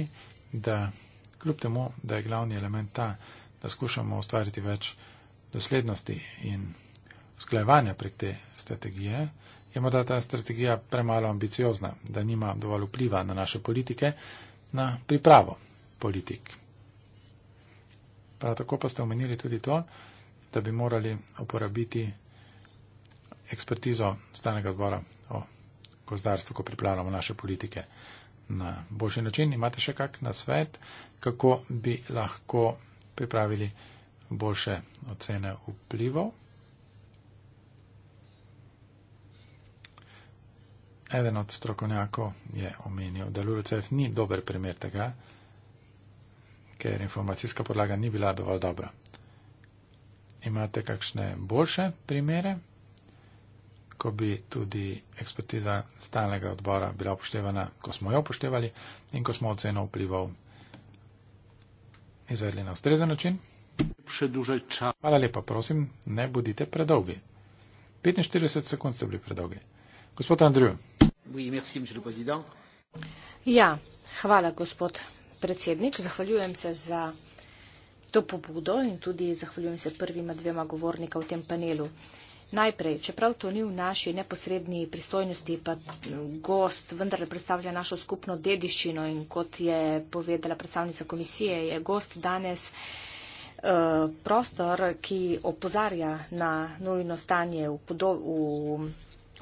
da kljub temu, da je glavni element ta, da skušamo ustvariti več doslednosti in usklajevanja prek te strategije, je morda ta strategija premalo ambiciozna, da nima dovolj vpliva na naše politike, na pripravo politik. Prav tako pa ste omenili tudi to, da bi morali uporabiti ekspertizo stanega odbora o gozdarstvu, ko pripravljamo naše politike na boljši način. Imate še kak na svet, kako bi lahko pripravili boljše ocene vplivov? Eden od strokovnjakov je omenil, da LULCF ni dober primer tega, ker informacijska podlaga ni bila dovolj dobra. Imate kakšne boljše primere, ko bi tudi ekspertiza stalnega odbora bila upoštevana, ko smo jo upoštevali in ko smo oceno vplival izvedli na ustrezen način? Hvala lepa, prosim, ne bodite predolgi. 45 sekund ste bili predolgi. Gospod Andrej. Ja, hvala gospod predsednik. Zahvaljujem se za to pobudo in tudi zahvaljujem se prvima dvema govornika v tem panelu. Najprej, čeprav to ni v naši neposrednji pristojnosti, pa gost vendar predstavlja našo skupno dediščino in kot je povedala predstavnica komisije, je gost danes eh, prostor, ki opozarja na nujno stanje v, podo, v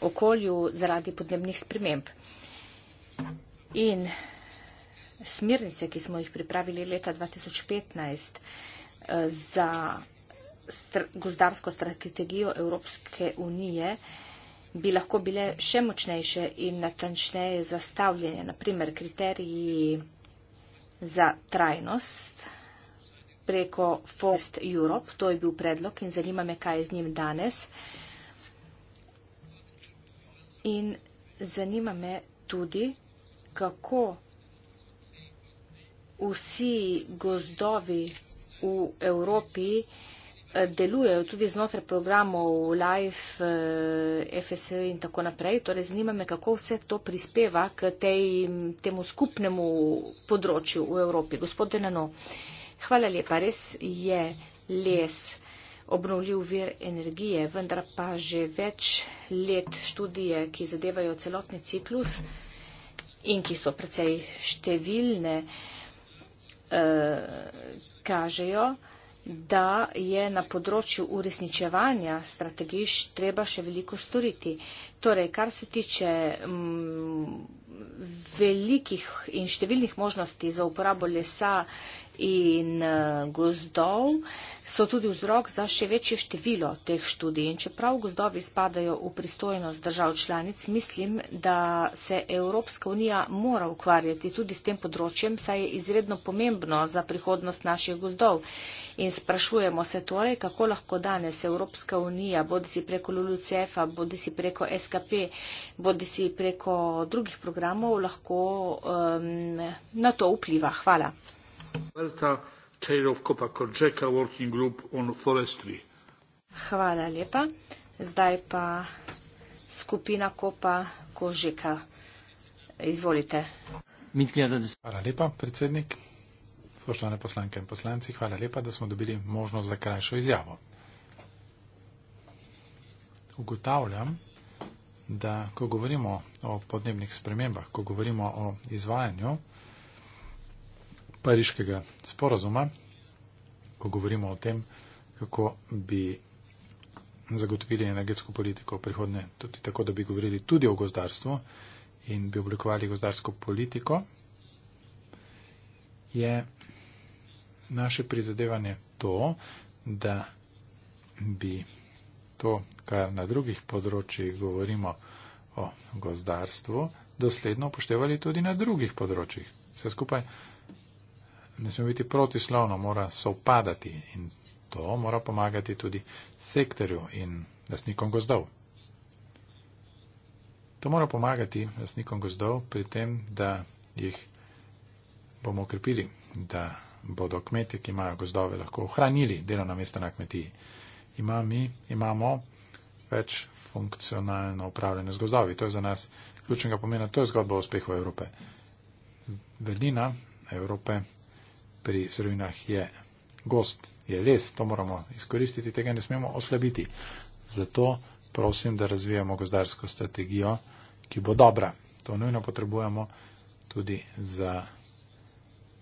okolju zaradi podnebnih sprememb. In smernice, ki smo jih pripravili leta 2015 eh, za gozdarsko strategijo Evropske unije, bi lahko bile še močnejše in natančneje zastavljene, naprimer kriteriji za trajnost preko Forest Europe, to je bil predlog in zanima me, kaj je z njim danes. In zanima me tudi, kako vsi gozdovi v Evropi eh, delujejo tudi znotraj programov LIFE, eh, FSE in tako naprej. Torej, zanima me, kako vse to prispeva k tej, temu skupnemu področju v Evropi. Gospod Denano, hvala lepa. Res je les obnovljive energije, vendar pa že več let študije, ki zadevajo celotni ciklus in ki so precej številne, eh, kažejo, da je na področju uresničevanja strategij treba še veliko storiti. Torej, kar se tiče mm, velikih in številnih možnosti za uporabo lesa in eh, gozdov so tudi vzrok za še večje število teh študij. In čeprav gozdovi spadajo v pristojnost držav članic, mislim, da se Evropska unija mora ukvarjati tudi s tem področjem, saj je izredno pomembno za prihodnost naših gozdov. In sprašujemo se torej, kako lahko danes Evropska unija, bodi si preko LULUCEF-a, bodi si preko SKP, bodi si preko drugih programov, lahko um, na to vpliva. Hvala. Hvala lepa. Zdaj pa skupina Kopa Kožeka. Izvolite. Hvala lepa, predsednik. Spoštovane poslanke in poslanci, hvala lepa, da smo dobili možnost za krajšo izjavo. Ugotavljam, da ko govorimo o podnebnih spremembah, ko govorimo o izvajanju, pariškega sporazuma, ko govorimo o tem, kako bi zagotovili energetsko politiko v prihodnje, tudi tako, da bi govorili tudi o gozdarstvu in bi oblikovali gozdarsko politiko, je naše prizadevanje to, da bi to, kar na drugih področjih govorimo o gozdarstvu, dosledno upoštevali tudi na drugih področjih. Vse skupaj ne smemo biti protislovno, mora sovpadati in to mora pomagati tudi sektorju in lasnikom gozdov. To mora pomagati lasnikom gozdov pri tem, da jih bomo okrepili, da bodo kmete, ki imajo gozdove, lahko ohranili delovna mesta na kmetiji. Ima mi, imamo več funkcionalno upravljanje z gozdovi. To je za nas ključnega pomena. To je zgodba o uspehu Evrope. Velina Evrope pri surovinah je gost, je les, to moramo izkoristiti, tega ne smemo oslabiti. Zato prosim, da razvijamo gozdarsko strategijo, ki bo dobra. To nujno potrebujemo tudi za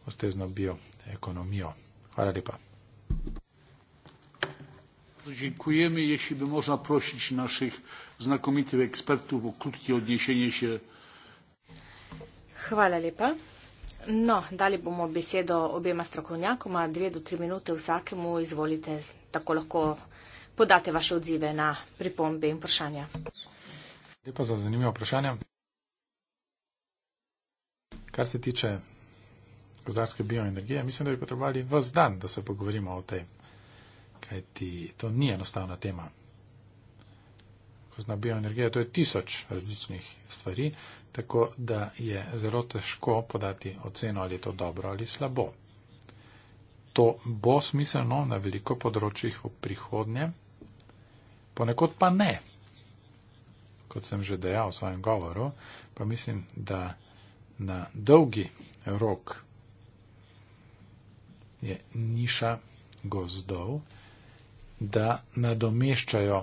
ustrezno bioekonomijo. Hvala lepa. Dziękujemy. Jeśli by można prosić naszych znakomitych ekspertów o krótkie odniesienie się. Chwała lepa. No, dali bomo besedo obema strokovnjakoma, dve do tri minute vsakemu, izvolite, tako lahko podate vaše odzive na pripombe in vprašanja. Lepo za zanimivo vprašanje. Kar se tiče gozdarske bioenergije, mislim, da bi potrebovali vse dan, da se pogovorimo o tej, kajti to ni enostavna tema. Ko zna bioenergija, to je tisoč različnih stvari, tako da je zelo težko podati oceno, ali je to dobro ali slabo. To bo smiselno na veliko področjih v prihodnje, ponekod pa ne. Kot sem že dejal v svojem govoru, pa mislim, da na dolgi rok je niša gozdov, da nadomeščajo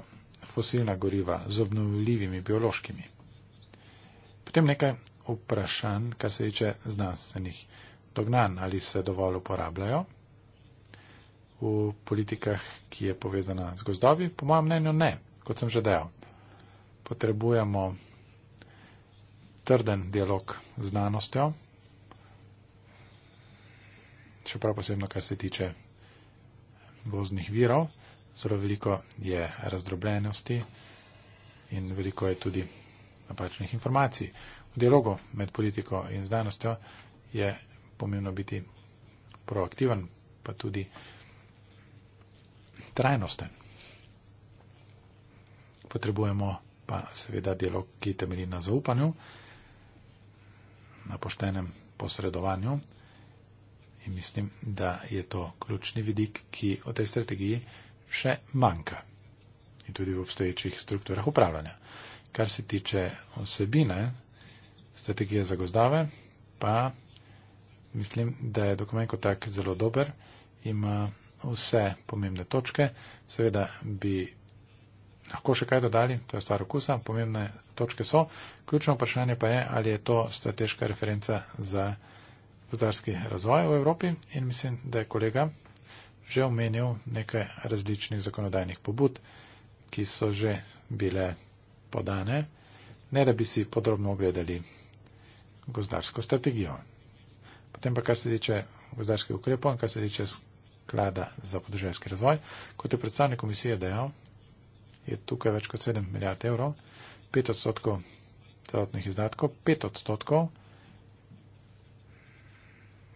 fosilna goriva z obnovljivimi biološkimi. Potem nekaj vprašanj, kar se tiče znanstvenih dognanj, ali se dovolj uporabljajo v politikah, ki je povezana z gozdovi. Po mojem mnenju ne, kot sem že dejal. Potrebujemo trden dialog z znanostjo, čeprav posebno, kar se tiče gozdnih virov. Zelo veliko je razdrobljenosti in veliko je tudi napačnih informacij. V dialogu med politiko in znanostjo je pomembno biti proaktiven, pa tudi trajnosten. Potrebujemo pa seveda dialog, ki temelji na zaupanju, na poštenem posredovanju in mislim, da je to ključni vidik, ki o tej strategiji še manjka in tudi v obstoječih strukturah upravljanja kar se tiče osebine strategije za gozdave, pa mislim, da je dokument kot tak zelo dober, ima vse pomembne točke. Seveda bi lahko še kaj dodali, to je stvar okusa, pomembne točke so. Ključno vprašanje pa je, ali je to strateška referenca za gozdarski razvoj v Evropi in mislim, da je kolega že omenil nekaj različnih zakonodajnih pobud, ki so že bile podane, ne da bi si podrobno ogledali gozdarsko strategijo. Potem pa, kar se tiče gozdarskih ukrepov in kar se tiče sklada za podrželjski razvoj, kot je predstavnik komisije dejal, je tukaj več kot 7 milijard evrov, 5 odstotkov celotnih izdatkov, 5 odstotkov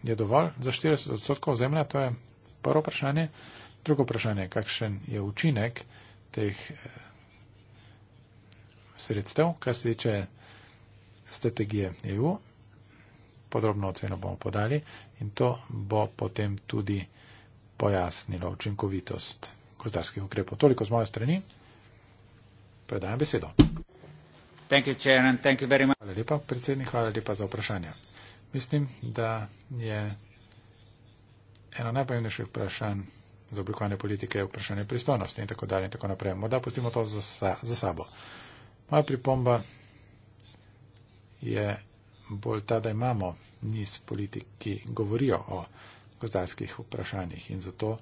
je dovolj za 40 odstotkov zemlja, to je prvo vprašanje. Drugo vprašanje, kakšen je učinek teh sredstev, kar se tiče strategije EU. Podrobno oceno bomo podali in to bo potem tudi pojasnilo učinkovitost gozdarskih ukrepov. Toliko z moje strani. Predajam besedo. Thank you, chair, and thank you very much. Hvala lepa, predsednik, hvala lepa za vprašanje. Mislim, da je eno najpomembnejših vprašanj za oblikovanje politike vprašanje pristojnosti in tako dalje in tako naprej. Morda pustimo to za, za sabo. Moja pripomba je bolj ta, da imamo niz politik, ki govorijo o gozdarskih vprašanjih in zato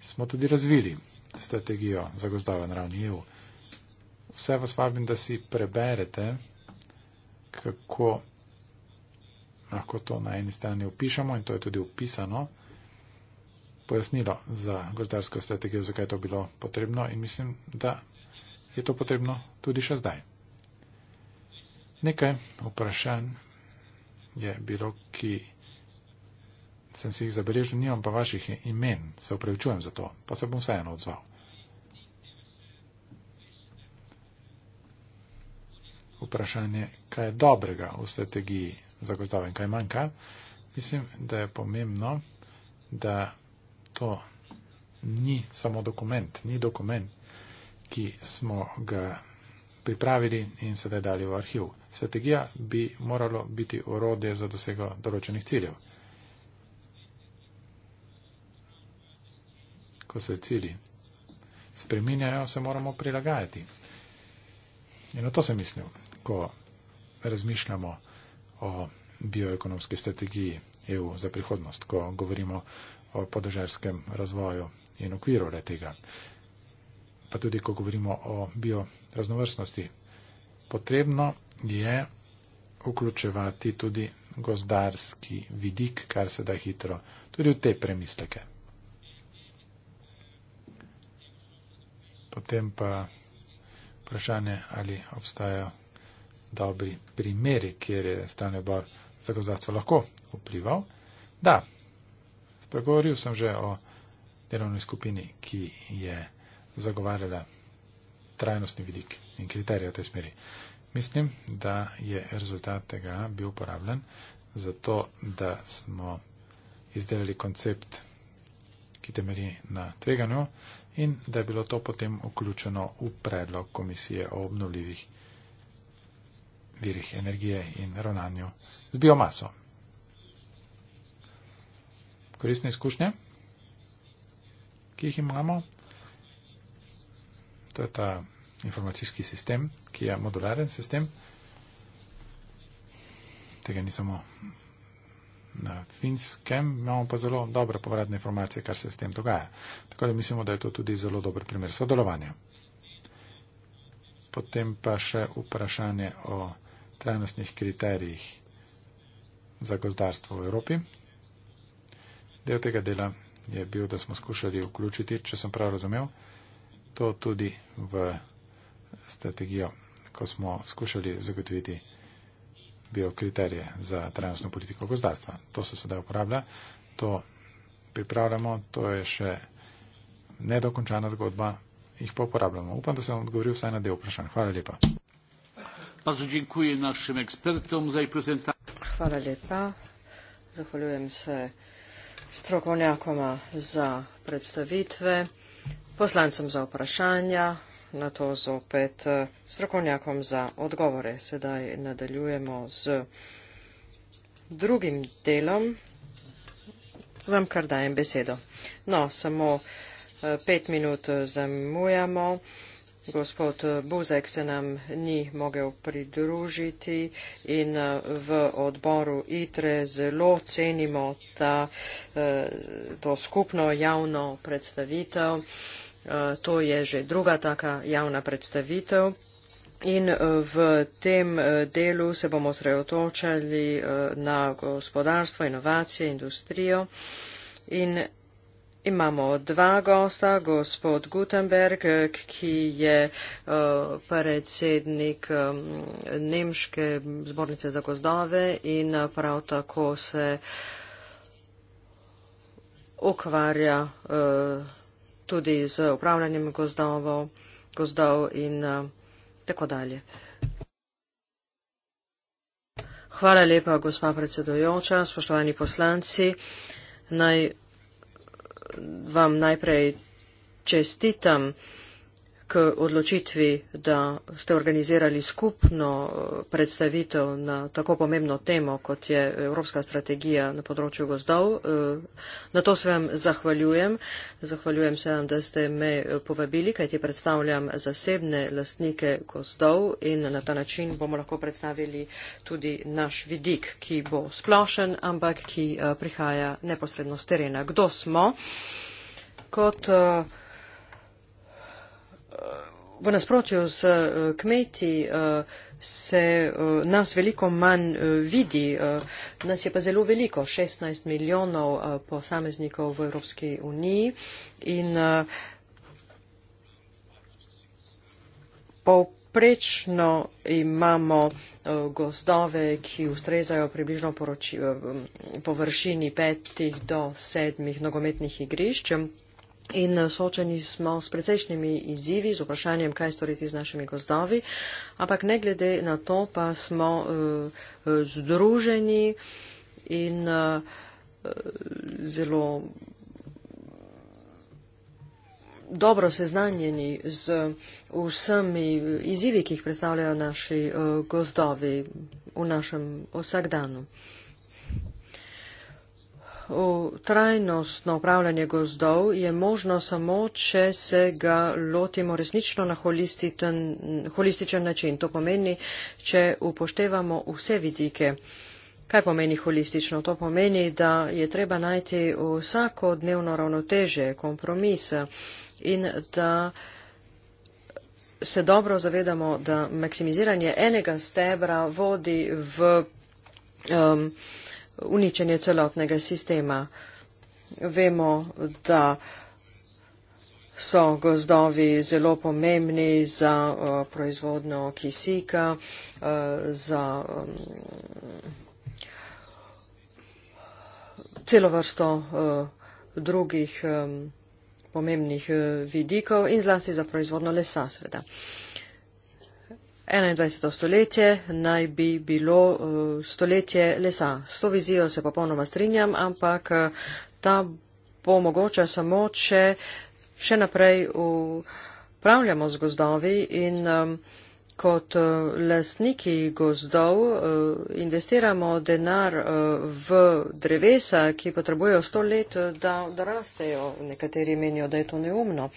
smo tudi razvili strategijo za gozdove na ravni EU. Vse vas vabim, da si preberete, kako lahko to na eni strani opišemo in to je tudi opisano, pojasnilo za gozdarsko strategijo, zakaj je to bilo potrebno in mislim, da je to potrebno tudi še zdaj. Nekaj vprašanj je bilo, ki sem si jih zabeležil, nimam pa vaših imen, se upravičujem za to, pa se bom vseeno odzval. Vprašanje, kaj je dobrega v strategiji za gozdove in kaj manjka, mislim, da je pomembno, da to ni samo dokument, ni dokument ki smo ga pripravili in sedaj dali v arhiv. Strategija bi moralo biti orodje za dosego določenih ciljev. Ko se cilji spreminjajo, se moramo prilagajati. In na to sem mislil, ko razmišljamo o bioekonomski strategiji EU za prihodnost, ko govorimo o podeželskem razvoju in okviru le tega pa tudi ko govorimo o bioraznovrstnosti. Potrebno je vključevati tudi gozdarski vidik, kar se da hitro, tudi v te premisleke. Potem pa vprašanje, ali obstajajo dobri primeri, kjer je stanje bor za gozdarstvo lahko vplival. Da, spregovoril sem že o delovni skupini, ki je zagovarjala trajnostni vidik in kriterije v tej smeri. Mislim, da je rezultat tega bil uporabljen zato, da smo izdelali koncept, ki temelji na tveganju in da je bilo to potem vključeno v predlog komisije o obnovljivih virih energije in ravnanju z biomaso. Koristne izkušnje, ki jih imamo, to je ta informacijski sistem, ki je modularen sistem. Tega ni samo na finskem, imamo pa zelo dobre povratne informacije, kar se s tem dogaja. Tako da mislimo, da je to tudi zelo dober primer sodelovanja. Potem pa še vprašanje o trajnostnih kriterijih za gozdarstvo v Evropi. Del tega dela je bil, da smo skušali vključiti, če sem prav razumel, to tudi v strategijo, ko smo skušali zagotoviti biokriterije za trajnostno politiko gozdarstva. To se sedaj uporablja, to pripravljamo, to je še nedokončana zgodba, jih pa uporabljamo. Upam, da sem odgovoril vsaj na del vprašanj. Hvala lepa. Hvala lepa. Zahvaljujem se strokovnjakoma za predstavitve poslancem za vprašanja, na to zopet eh, strokovnjakom za odgovore. Sedaj nadaljujemo z drugim delom. Vam kar dajem besedo. No, samo eh, pet minut eh, zamujamo. Gospod Buzek se nam ni mogel pridružiti in eh, v odboru ITRE zelo cenimo ta, eh, to skupno javno predstavitev. Eh, to je že druga taka javna predstavitev. In v tem delu se bomo osredotočali na gospodarstvo, inovacije, industrijo. In Imamo dva gosta, gospod Gutenberg, ki je eh, predsednik Nemške zbornice za gozdove in eh, prav tako se ukvarja eh, tudi z upravljanjem gozdovov, gozdov in tako dalje. Hvala lepa, gospa predsedujoča, spoštovani poslanci. Naj vam najprej čestitam k odločitvi, da ste organizirali skupno eh, predstavitev na tako pomembno temo, kot je Evropska strategija na področju gozdov. Eh, na to se vam zahvaljujem. Zahvaljujem se vam, da ste me eh, povabili, kajti predstavljam zasebne lastnike gozdov in na ta način bomo lahko predstavili tudi naš vidik, ki bo splošen, ampak ki prihaja neposredno z terena. Kdo smo? Kot uh, v nasprotju z eh, kmeti eh, se eh, nas veliko manj vidi, nas je pa zelo veliko, 16 milijonov posameznikov v Evropski uniji in povprečno imamo gozdove, ki ustrezajo približno poroči, površini petih do sedmih nogometnih igrišč. In eh, soočeni smo s precejšnjimi izzivi, z vprašanjem, kaj storiti z našimi gozdovi, ampak ne glede na to, pa smo uh, združeni in uh, zelo dobro seznanjeni z vsemi izzivi, ki jih predstavljajo naši uh, gozdovi v našem vsakdanu v trajnostno upravljanje gozdov je možno samo, če se ga lotimo resnično na holističen način. To pomeni, če upoštevamo vse vidike. Kaj pomeni holistično? To pomeni, da je treba najti vsako dnevno ravnoteže, kompromis in da se dobro zavedamo, da maksimiziranje enega stebra vodi v um, uničenje celotnega sistema. Vemo, da so gozdovi zelo pomembni za uh, proizvodno kisika, uh, za um, celo vrsto uh, drugih um, pomembnih uh, vidikov in zlasti za proizvodno lesa, seveda. Uh, 21. stoletje naj bi bilo eh, stoletje lesa. S to vizijo se popolnoma strinjam, ampak eh, ta bo mogoče samo, če še naprej upravljamo z gozdovi in kot eh, lastniki gozdov investiramo denar v drevesa, ki potrebujejo sto let, da, da rastejo. Nekateri menijo, da je to neumno.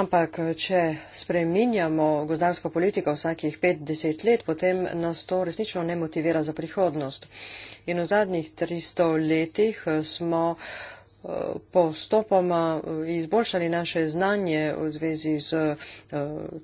Ampak, če spreminjamo gozdansko politiko vsakih 5-10 let, potem nas to resnično ne motivira za prihodnost. In v zadnjih 300 letih smo postopoma izboljšali naše znanje v zvezi z eh,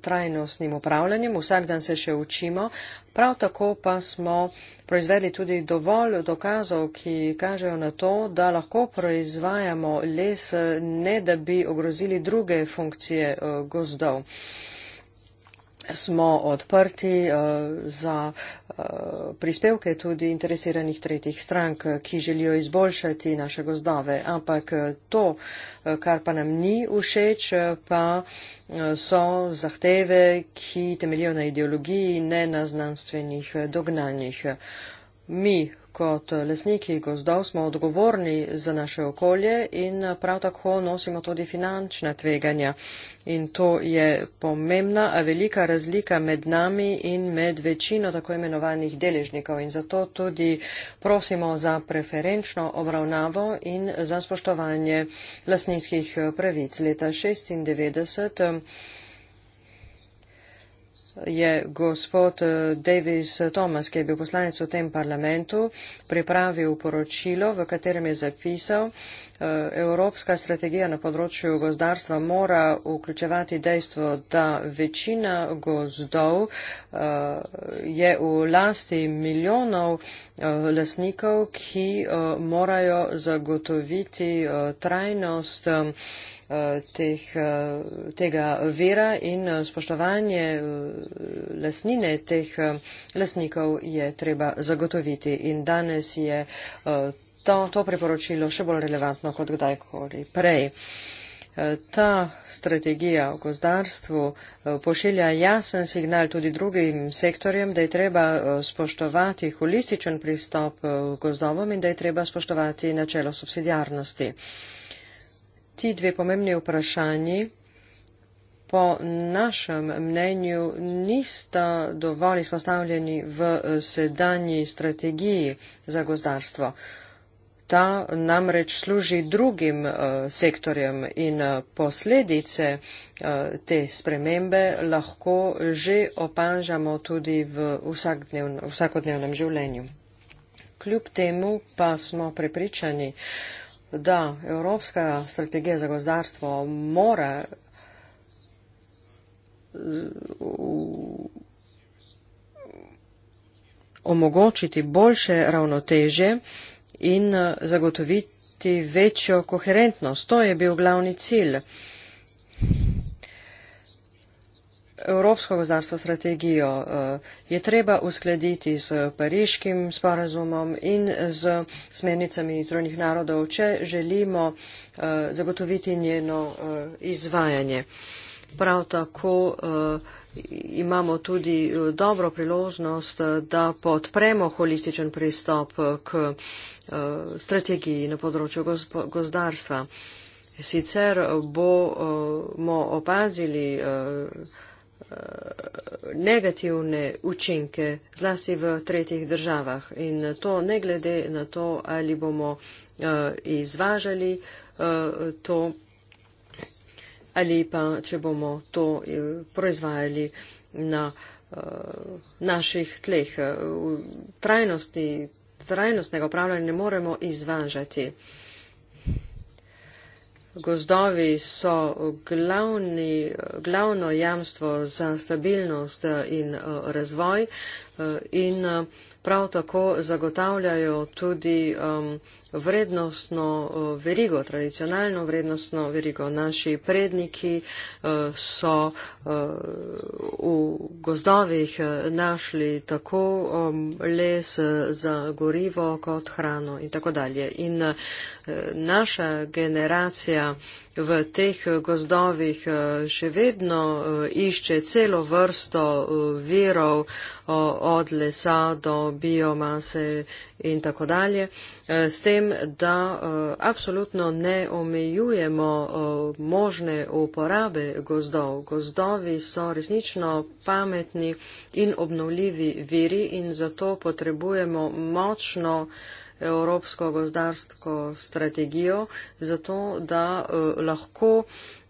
trajnostnim upravljanjem. Vsak dan se še učimo. Prav tako pa smo proizvedli tudi dovolj dokazov, ki kažejo na to, da lahko proizvajamo les, ne da bi ogrozili druge funkcije eh, gozdov smo odprti eh, za eh, prispevke tudi interesiranih tretjih strank, ki želijo izboljšati naše gozdove. Ampak eh, to, kar pa nam ni všeč, pa so zahteve, ki temeljijo na ideologiji, ne na znanstvenih dognanjih. Mi, Kot lasniki gozdov smo odgovorni za naše okolje in prav tako nosimo tudi finančna tveganja. In to je pomembna, a velika razlika med nami in med večino tako imenovanih deležnikov. In zato tudi prosimo za preferenčno obravnavo in za spoštovanje lasninskih pravic. Leta 1996 je gospod eh, Davis Thomas, ki je bil poslanec v tem parlamentu, pripravil poročilo, v katerem je zapisal, eh, Evropska strategija na področju gozdarstva mora vključevati dejstvo, da večina gozdov eh, je v lasti milijonov lasnikov, ki morajo zagotoviti trajnost teh, tega vera in eh, spoštovanje eh, lasnine teh eh, lasnikov je treba zagotoviti. In danes je to, to priporočilo še bolj relevantno kot kdajkoli prej. Ta strategija v gozdarstvu pošilja jasen signal tudi drugim sektorjem, da je treba spoštovati holističen pristop gozdovom in da je treba spoštovati načelo subsidijarnosti ti dve pomembni vprašanji po našem mnenju nista dovolj izpostavljeni v eh, sedanji strategiji za gozdarstvo. Ta namreč služi drugim eh, sektorjem in eh, posledice te spremembe lahko že opažamo tudi v vsakodnevnem življenju. Kljub temu pa smo prepričani, da Evropska strategija za gozdarstvo mora eh, omogočiti boljše ravnoteže in eh, zagotoviti večjo koherentnost. To je bil glavni cilj evropsko gozdarsko strategijo eh, je treba uskladiti z pariškim sporazumom in z smernicami zdravnih narodov, če želimo eh, zagotoviti njeno eh, izvajanje. Prav tako imamo tudi dobro priložnost, da podpremo holističen pristop k strategiji na področju gozdarstva. Sicer bomo opazili Eh, negativne učinke, zlasti v tretjih državah. In to ne glede na to, ali bomo eh, izvažali eh, to, ali pa če bomo to proizvajali na naših tleh. Trajnosti, trajnostnega upravljanja ne moremo izvažati. Gozdovi so glavni, glavno jamstvo za stabilnost eh, in eh, razvoj eh, in prav tako zagotavljajo tudi um, vrednostno eh, verigo, tradicionalno vrednostno verigo. Naši predniki eh, so eh, v gozdovih našli tako les za gorivo kot hrano in tako dalje. In naša generacija v teh gozdovih še vedno išče celo vrsto virov od lesa do biomase, in tako dalje, eh, s tem, da eh, absolutno ne omejujemo eh, možne uporabe gozdov. Gozdovi so resnično pametni in obnovljivi viri in zato potrebujemo močno evropsko gozdarsko strategijo, zato da eh, lahko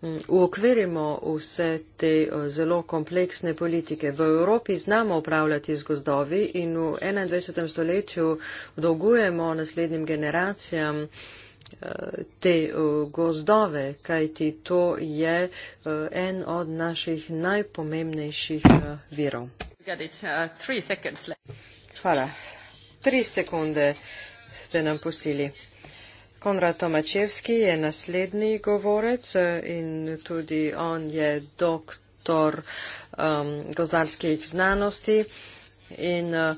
mm, uokvirimo vse te eh, zelo kompleksne politike. V Evropi znamo upravljati z gozdovi in v 21. stoletju dolgujemo naslednjim generacijam eh, te gozdove, kajti to je en od naših najpomembnejših virov. Uh, Hvala. Tri sekunde ste nam pustili. Konrad Tomačevski je naslednji govorec eh, in tudi on je doktor um, gozdarskih znanosti in eh,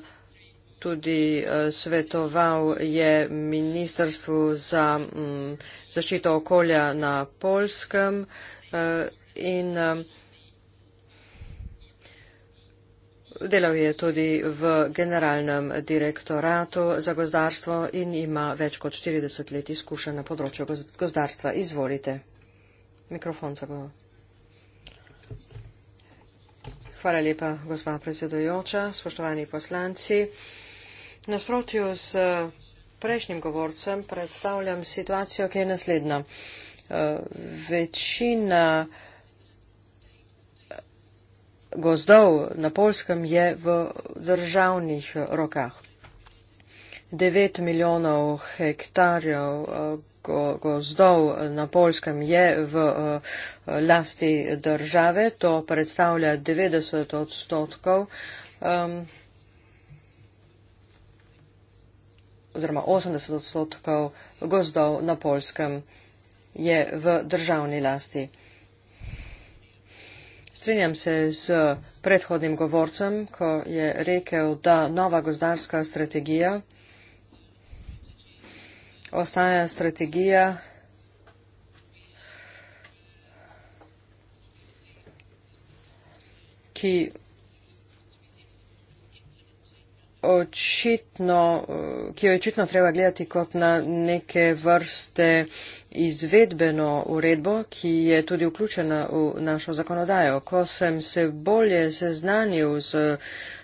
tudi eh, svetoval je Ministrstvu za um, zaščito okolja na Polskem uh, in um, Delal je tudi v generalnem direktoratu za gozdarstvo in ima več kot 40 let izkušenj na področju gozdarstva. Izvolite. Mikrofon za govor. Hvala lepa, gospa predsedujoča, spoštovani poslanci. Nasprotju s prejšnjim govorcem predstavljam situacijo, ki je naslednja. Eh, večina gozdov na Polskem je v državnih rokah. 9 milijonov hektarjev eh, gozdov na Polskem je v eh, lasti države, to predstavlja 90 odstotkov, um, oziroma 80 odstotkov gozdov na Polskem je v državni lasti. Strinjam se z predhodnim govorcem, ko je rekel, da nova gozdarska strategija ostaja strategija ki očitno, eh, ki jo je očitno treba gledati kot na neke vrste izvedbeno uredbo, ki je tudi vključena v našo zakonodajo. Ko sem se bolje seznanil z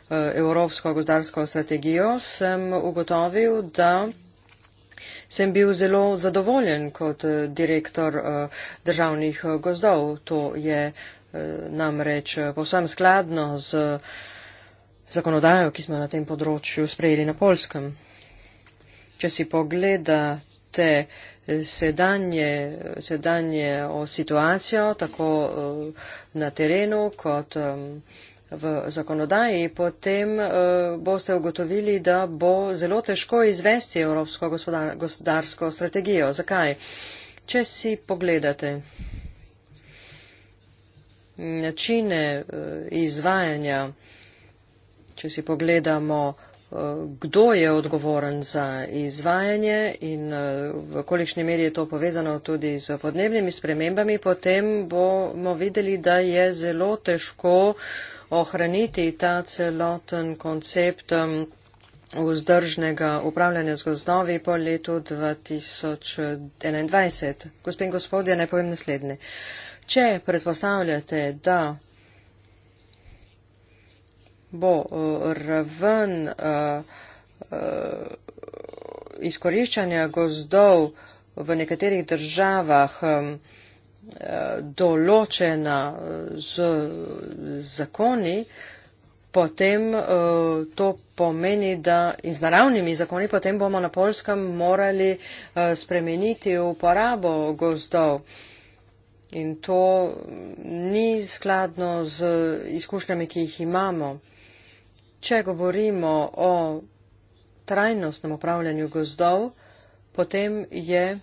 eh, Evropsko gozdarsko strategijo, sem ugotovil, da sem bil zelo zadovoljen kot eh, direktor državnih gozdov. To je namreč povsem skladno z zakonodajo, ki smo jo na tem področju sprejeli na polskem. Če si pogledate eh, sedanje, sedanje o eh, situacijo, tako eh, na terenu kot v zakonodaji, potem boste ugotovili, da bo zelo težko izvesti evropsko gospodar, gospodarsko strategijo. Zakaj? Če si pogledate načine izvajanja če si pogledamo, eh, kdo je odgovoren za izvajanje in eh, v kolikšni meri je to povezano tudi z podnebnimi spremembami, potem bomo videli, da je zelo težko ohraniti ta celoten koncept vzdržnega upravljanja z gozdovi po letu 2021. Gospod in gospodje, naj povem naslednje. Če predpostavljate, da bo eh, raven eh, eh, izkoriščanja gozdov v nekaterih državah določena z zakoni, potem to pomeni, da in z naravnimi zakoni, potem bomo na Polskem morali spremeniti uporabo gozdov. In to ni skladno z izkušnjami, ki jih imamo. Če govorimo o trajnostnem upravljanju gozdov, potem je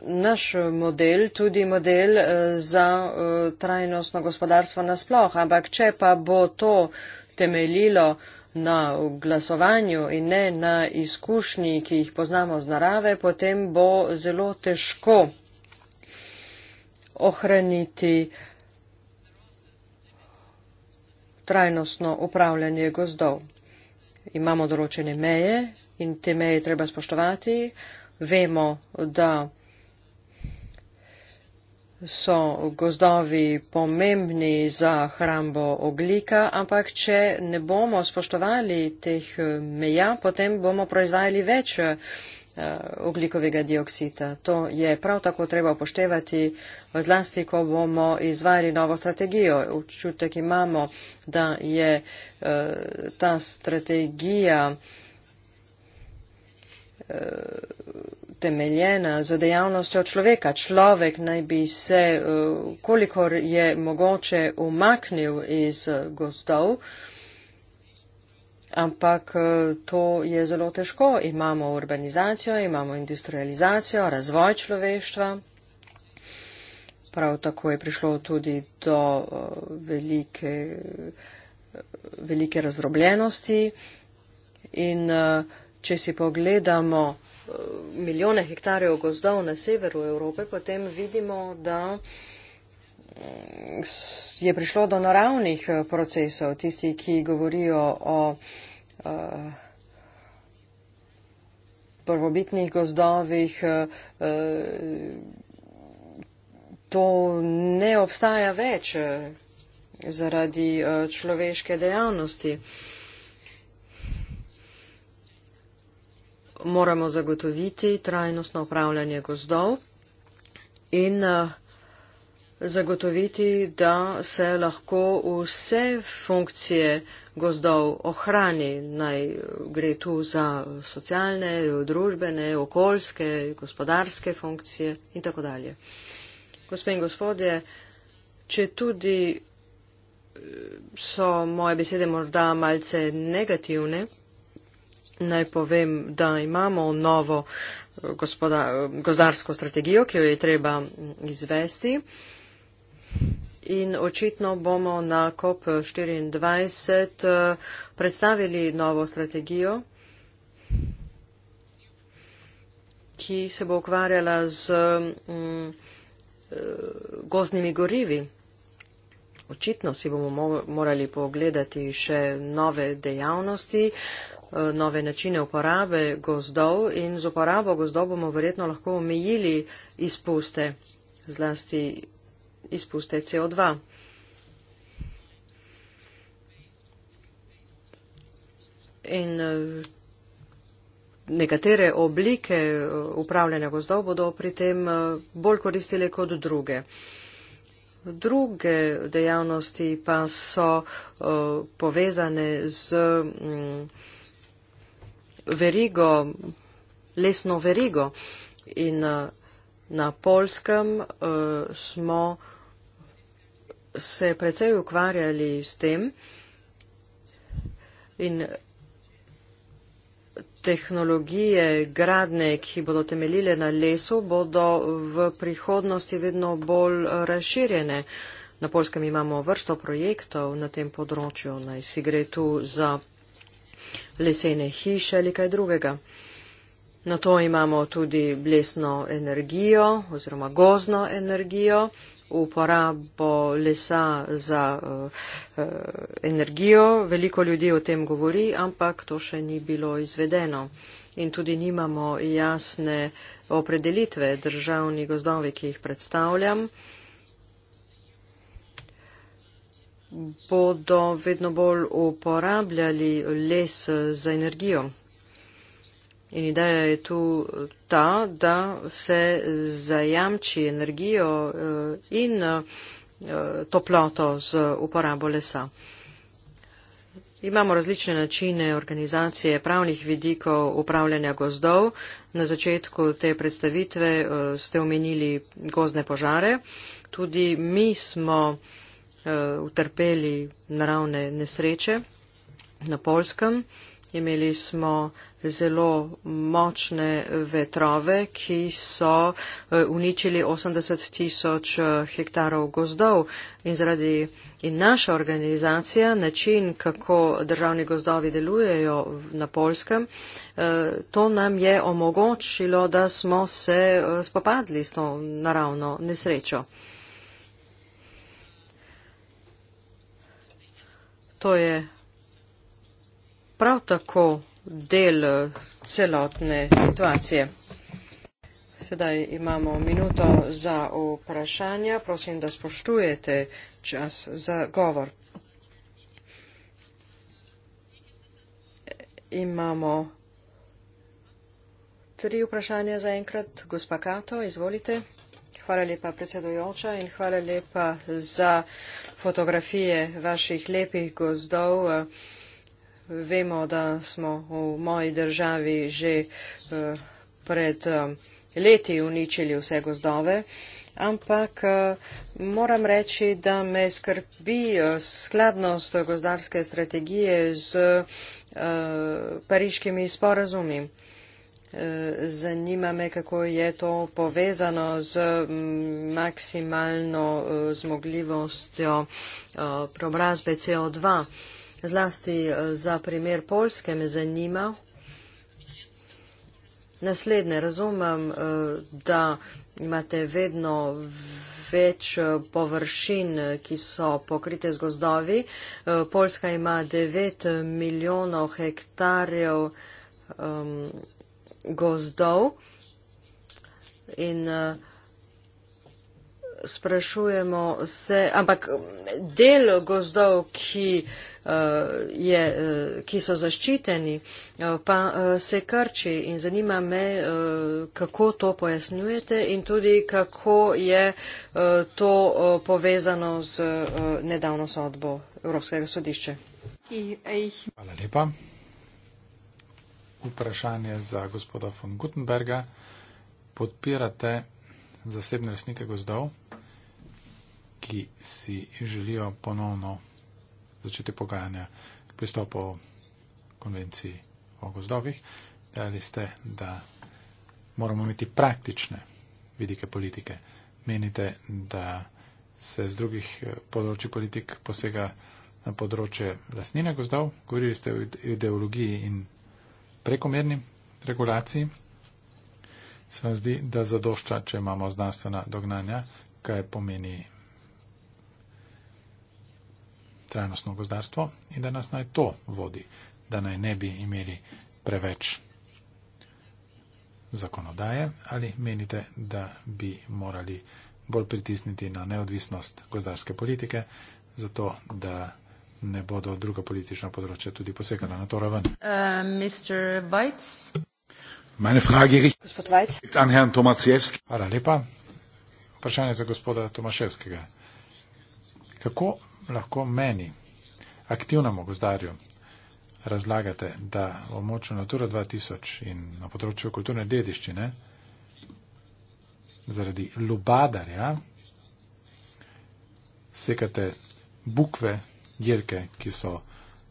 naš model tudi model eh, za eh, trajnostno gospodarstvo nasploh. Ampak če pa bo to temeljilo na glasovanju in ne na izkušnji, ki jih poznamo z narave, potem bo zelo težko ohraniti uh, trajnostno upravljanje gozdov. Imamo določene meje in te meje treba spoštovati. Vemo, da so gozdovi pomembni za hrambo oglika, ampak če ne bomo spoštovali teh meja, potem bomo proizvajali več Eh, oglikovega dioksida. To je prav tako treba upoštevati v zlasti, ko bomo izvajali novo strategijo. Občutek imamo, da je eh, ta strategija eh, temeljena z dejavnostjo človeka. Človek naj bi se, kolikor je mogoče, umaknil iz gozdov ampak eh, to je zelo težko. Imamo urbanizacijo, imamo industrializacijo, razvoj človeštva. Prav tako je prišlo tudi do eh, velike, eh, velike razdrobljenosti. In če si pogledamo milijone hektarjev gozdov na severu Evrope, potem vidimo, da je prišlo do naravnih eh, procesov, tisti, ki govorijo o eh, prvobitnih gozdovih, eh, to ne obstaja več zaradi človeške dejavnosti. Moramo zagotoviti trajnostno upravljanje gozdov in uh, zagotoviti, da se lahko vse funkcije gozdov ohrani, naj gre tu za socialne, družbene, okoljske, gospodarske funkcije in tako dalje. Gospe in gospodje, če tudi eh, so moje besede morda malce negativne, naj povem, da imamo novo eh, gospodarsko eh, strategijo, ki jo je treba mm, izvesti. In očitno bomo na COP24 eh, predstavili novo strategijo, ki se bo ukvarjala z mm, eh, gozdnimi gorivi. Očitno si bomo morali pogledati še nove dejavnosti, eh, nove načine uporabe gozdov in z uporabo gozdov bomo verjetno lahko omejili izpuste, zlasti izpuste CO2. In eh, nekatere oblike eh, upravljanja gozdov bodo pri tem eh, bolj koristile kot druge. Druge dejavnosti pa so povezane z mm, verigo, lesno verigo. In na polskem smo se precej ukvarjali s tem in tehnologije gradne, ki bodo temeljile na lesu, bodo v prihodnosti vedno bolj razširjene. Na Polskem imamo vrsto projektov na tem področju, naj si gre tu za lesene hiše ali kaj drugega. Na to imamo tudi blesno energijo oziroma gozno energijo, uporabo lesa za eh, eh, energijo. Veliko ljudi o tem govori, ampak to še ni bilo izvedeno. In tudi nimamo jasne opredelitve državnih gozdovi, ki jih predstavljam. Bodo vedno bolj uporabljali les za energijo. In ideja je tu ta, da se zajamči energijo eh, in eh, toploto z uporabo lesa. Imamo različne načine organizacije pravnih vidikov upravljanja gozdov. Na začetku te predstavitve eh, ste omenili gozne požare. Tudi mi smo utrpeli naravne nesreče na Polskem. Imeli smo zelo močne vetrove, ki so eh, uničili 80 tisoč eh, hektarov gozdov in zaradi in naša organizacija, način, kako državni gozdovi delujejo na Polskem, eh, to nam je omogočilo, da smo se spopadli s to naravno nesrečo. To je prav tako del celotne situacije. Sedaj imamo minuto za vprašanja. Prosim, da spoštujete čas za govor. Imamo tri vprašanja za enkrat. Gospa Kato, izvolite. Hvala lepa predsedojoča in hvala lepa za fotografije vaših lepih gozdov. Vemo, da smo v moji državi že eh, pred eh, leti uničili vse gozdove, ampak eh, moram reči, da me skrbi skladnost gozdarske strategije z pariškimi sporazumi. Zanima me, kako je to povezano z mm, maksimalno zmogljivostjo preobrazbe CO2. Zlasti eh, za primer Polske me zanima. Naslednje, razumem, eh, da imate vedno več eh, površin, ki so pokrite z gozdovi. Polska ima 9 milijonov hektarjev ehm, gozdov in gozdov sprašujemo se, ampak del gozdov, ki, uh, je, eh, ki so zaščiteni, eh, pa uh, se krči in zanima me, uh, kako to pojasnjujete in tudi kako je uh, to uh, povezano z uh, nedavno sodbo Evropskega sodišča. Hvala lepa. Vprašanje za gospoda von Gutenberga. Podpirate zasebne lasnike gozdov? ki si želijo ponovno začeti pogajanja k pristopu konvenciji o gozdovih, dali ste, da moramo imeti praktične vidike politike. Menite, da se z drugih eh, področji politik posega na področje lastnine gozdov, govorili ste o ideologiji in prekomerni regulaciji. Se vam zdi, da zadošča, če imamo znanstvena dognanja, kaj pomeni trajnostno gozdarstvo in da nas naj to vodi, da naj ne bi imeli preveč zakonodaje ali menite, da bi morali bolj pritisniti na neodvisnost gozdarske politike, zato da ne bodo druga politična področja tudi posegala na to raven. Uh, Gospod Vajc. Hvala lepa. Vprašanje za gospoda Tomaševskega. Kako lahko meni, aktivnemu gozdarju, razlagate, da v območju Natura 2000 in na področju kulturne dediščine zaradi lubadarja sekate bukve, jelke, ki so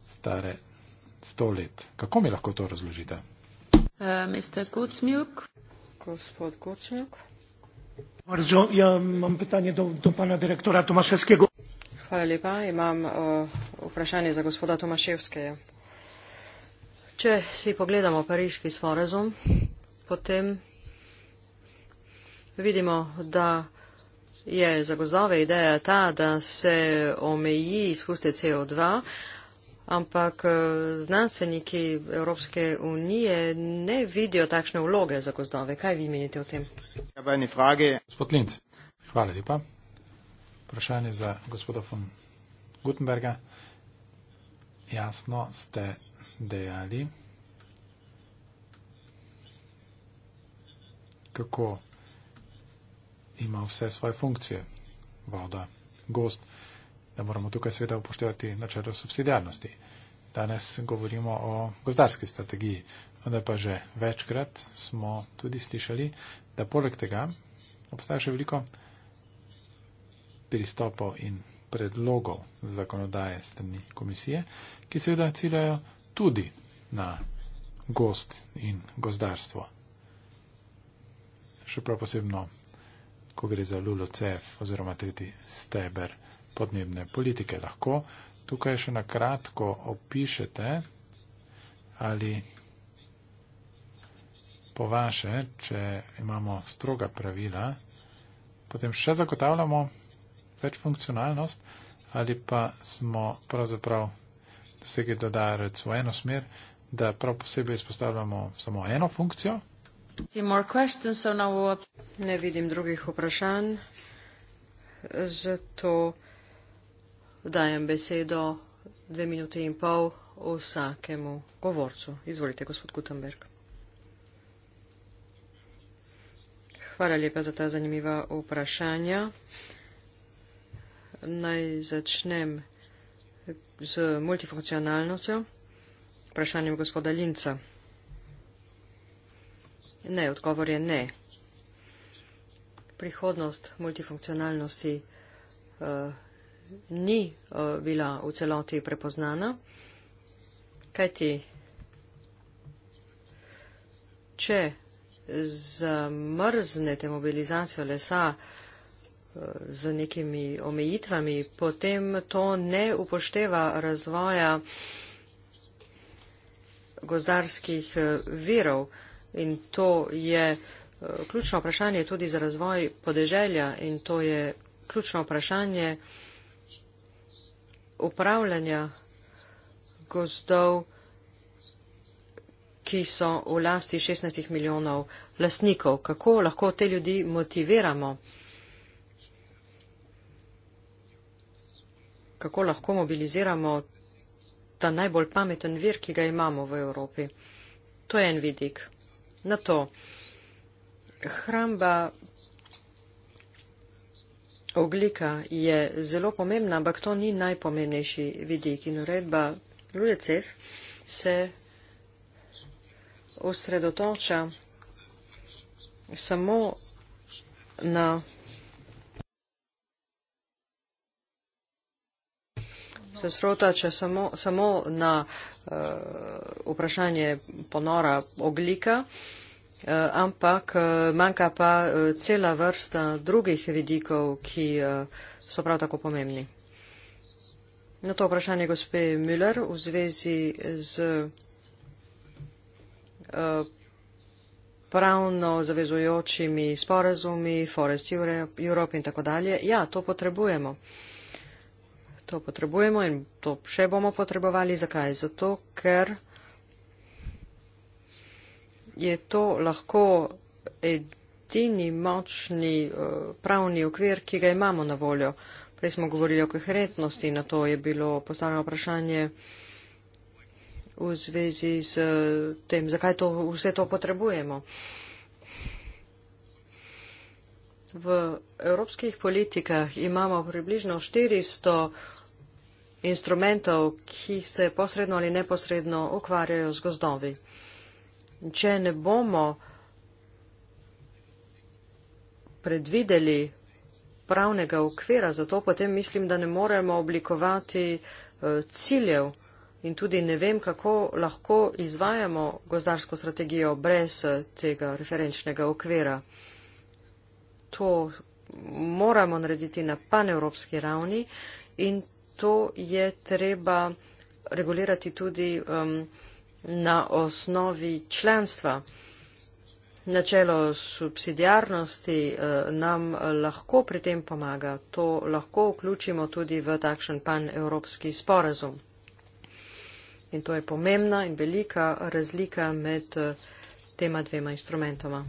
stare sto let. Kako mi lahko to razložite? Uh, eh, Mr. Kucmjuk. Gospod Kucmjuk. Bardzo, ja mam pytanie do, do pana dyrektora Tomaszewskiego. Hvala lepa. Imam uh, vprašanje za gospoda Tomaševskeja. Če si pogledamo pariški sporazum, potem vidimo, da je za gozdove ideja ta, da se omeji izpuste CO2, ampak eh, znanstveniki Evropske unije ne vidijo takšne vloge za gozdove. Kaj vi menite o tem? Ja, Gospod Linc, hvala lepa vprašanje za gospoda von Gutenberga. Jasno ste dejali, kako ima vse svoje funkcije voda, gost, da moramo tukaj seveda upoštevati načelo subsidijarnosti. Danes govorimo o gozdarski strategiji, vendar pa že večkrat smo tudi slišali, da poleg tega obstaja še veliko pristopov in predlogov zakonodaje strani komisije, ki seveda ciljajo tudi na gost in gozdarstvo. Še prav posebno, ko gre za LULOCEF oziroma tretji steber podnebne politike, lahko tukaj še na kratko opišete ali po vaše, če imamo stroga pravila, potem še zagotavljamo več funkcionalnost ali pa smo pravzaprav dosegli dodarec v eno smer, da prav posebej izpostavljamo samo eno funkcijo. Ne vidim drugih vprašanj, zato dajem besedo dve minuti in pol vsakemu govorcu. Izvolite, gospod Gutenberg. Hvala lepa za ta zanimiva vprašanja naj začnem z multifunkcionalnostjo, vprašanjem gospoda Linca. Ne, odgovor je ne. Prihodnost multifunkcionalnosti uh, ni uh, bila v celoti prepoznana, kajti če zamrznete mobilizacijo lesa, uh, z nekimi omejitvami, potem to ne upošteva razvoja gozdarskih eh, virov in to je eh, ključno vprašanje tudi za razvoj podeželja in to je ključno vprašanje upravljanja gozdov, ki so v lasti 16 milijonov lasnikov. Kako lahko te ljudi motiviramo? kako lahko mobiliziramo ta najbolj pameten vir, ki ga imamo v Evropi. To je en vidik. Na to. Hramba oglika je zelo pomembna, ampak to ni najpomembnejši vidik. In uredba Lulecev se osredotoča samo na se srota, če samo, samo na uh, vprašanje ponora oglika, uh, ampak uh, manjka pa uh, cela vrsta drugih vidikov, ki uh, so prav tako pomembni. Na to vprašanje gospe Müller v zvezi z uh, pravno zavezujočimi sporazumi, Forest Europe in tako dalje. Ja, to potrebujemo. Uh, To potrebujemo in to še bomo potrebovali. Zakaj? Zato, ker je to lahko edini močni eh, pravni okvir, ki ga imamo na voljo. Prej smo govorili o koherentnosti, na to je bilo postavljeno vprašanje v zvezi z eh, tem, zakaj to, vse to potrebujemo. V evropskih politikah imamo približno 400 instrumentov, ki se posredno ali neposredno ukvarjajo z gozdovi. Če ne bomo predvideli pravnega okvira, zato potem mislim, da ne moremo oblikovati eh, ciljev in tudi ne vem, kako lahko izvajamo gozdarsko strategijo brez eh, tega referenčnega okvira. To moramo narediti na panevropski ravni in to je treba regulirati tudi um, na osnovi členstva. Načelo subsidijarnosti uh, nam lahko pri tem pomaga. To lahko vključimo tudi v takšen pan-evropski sporazum. In to je pomembna in velika razlika med uh, tema dvema instrumentoma.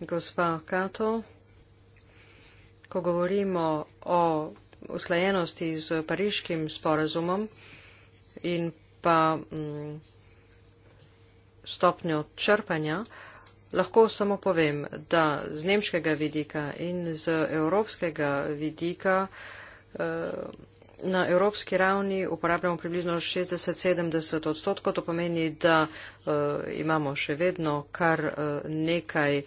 Gospa Kato, ko govorimo o usklajenosti z pariškim sporazumom in pa mm, stopnjo črpanja, lahko samo povem, da z nemškega vidika in z evropskega vidika eh, na evropski ravni uporabljamo približno 60-70 odstotkov. To pomeni, da eh, imamo še vedno kar eh, nekaj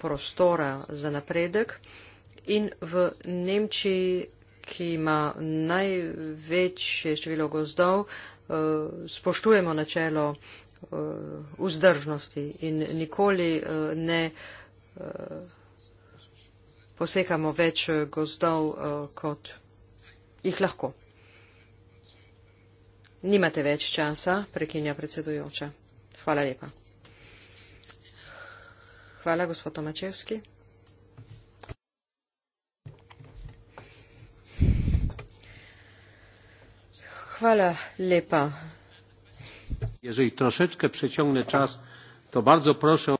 prostora za napredek in v Nemčiji, ki ima največje število gozdov, eh, spoštujemo načelo eh, vzdržnosti in nikoli eh, ne posekamo več gozdov, kot jih lahko. Nimate več časa, prekinja predsedujoča. Hvala lepa. Hvala, gospod Tomačevski. jeżeli troszeczkę przeciągnę czas to bardzo proszę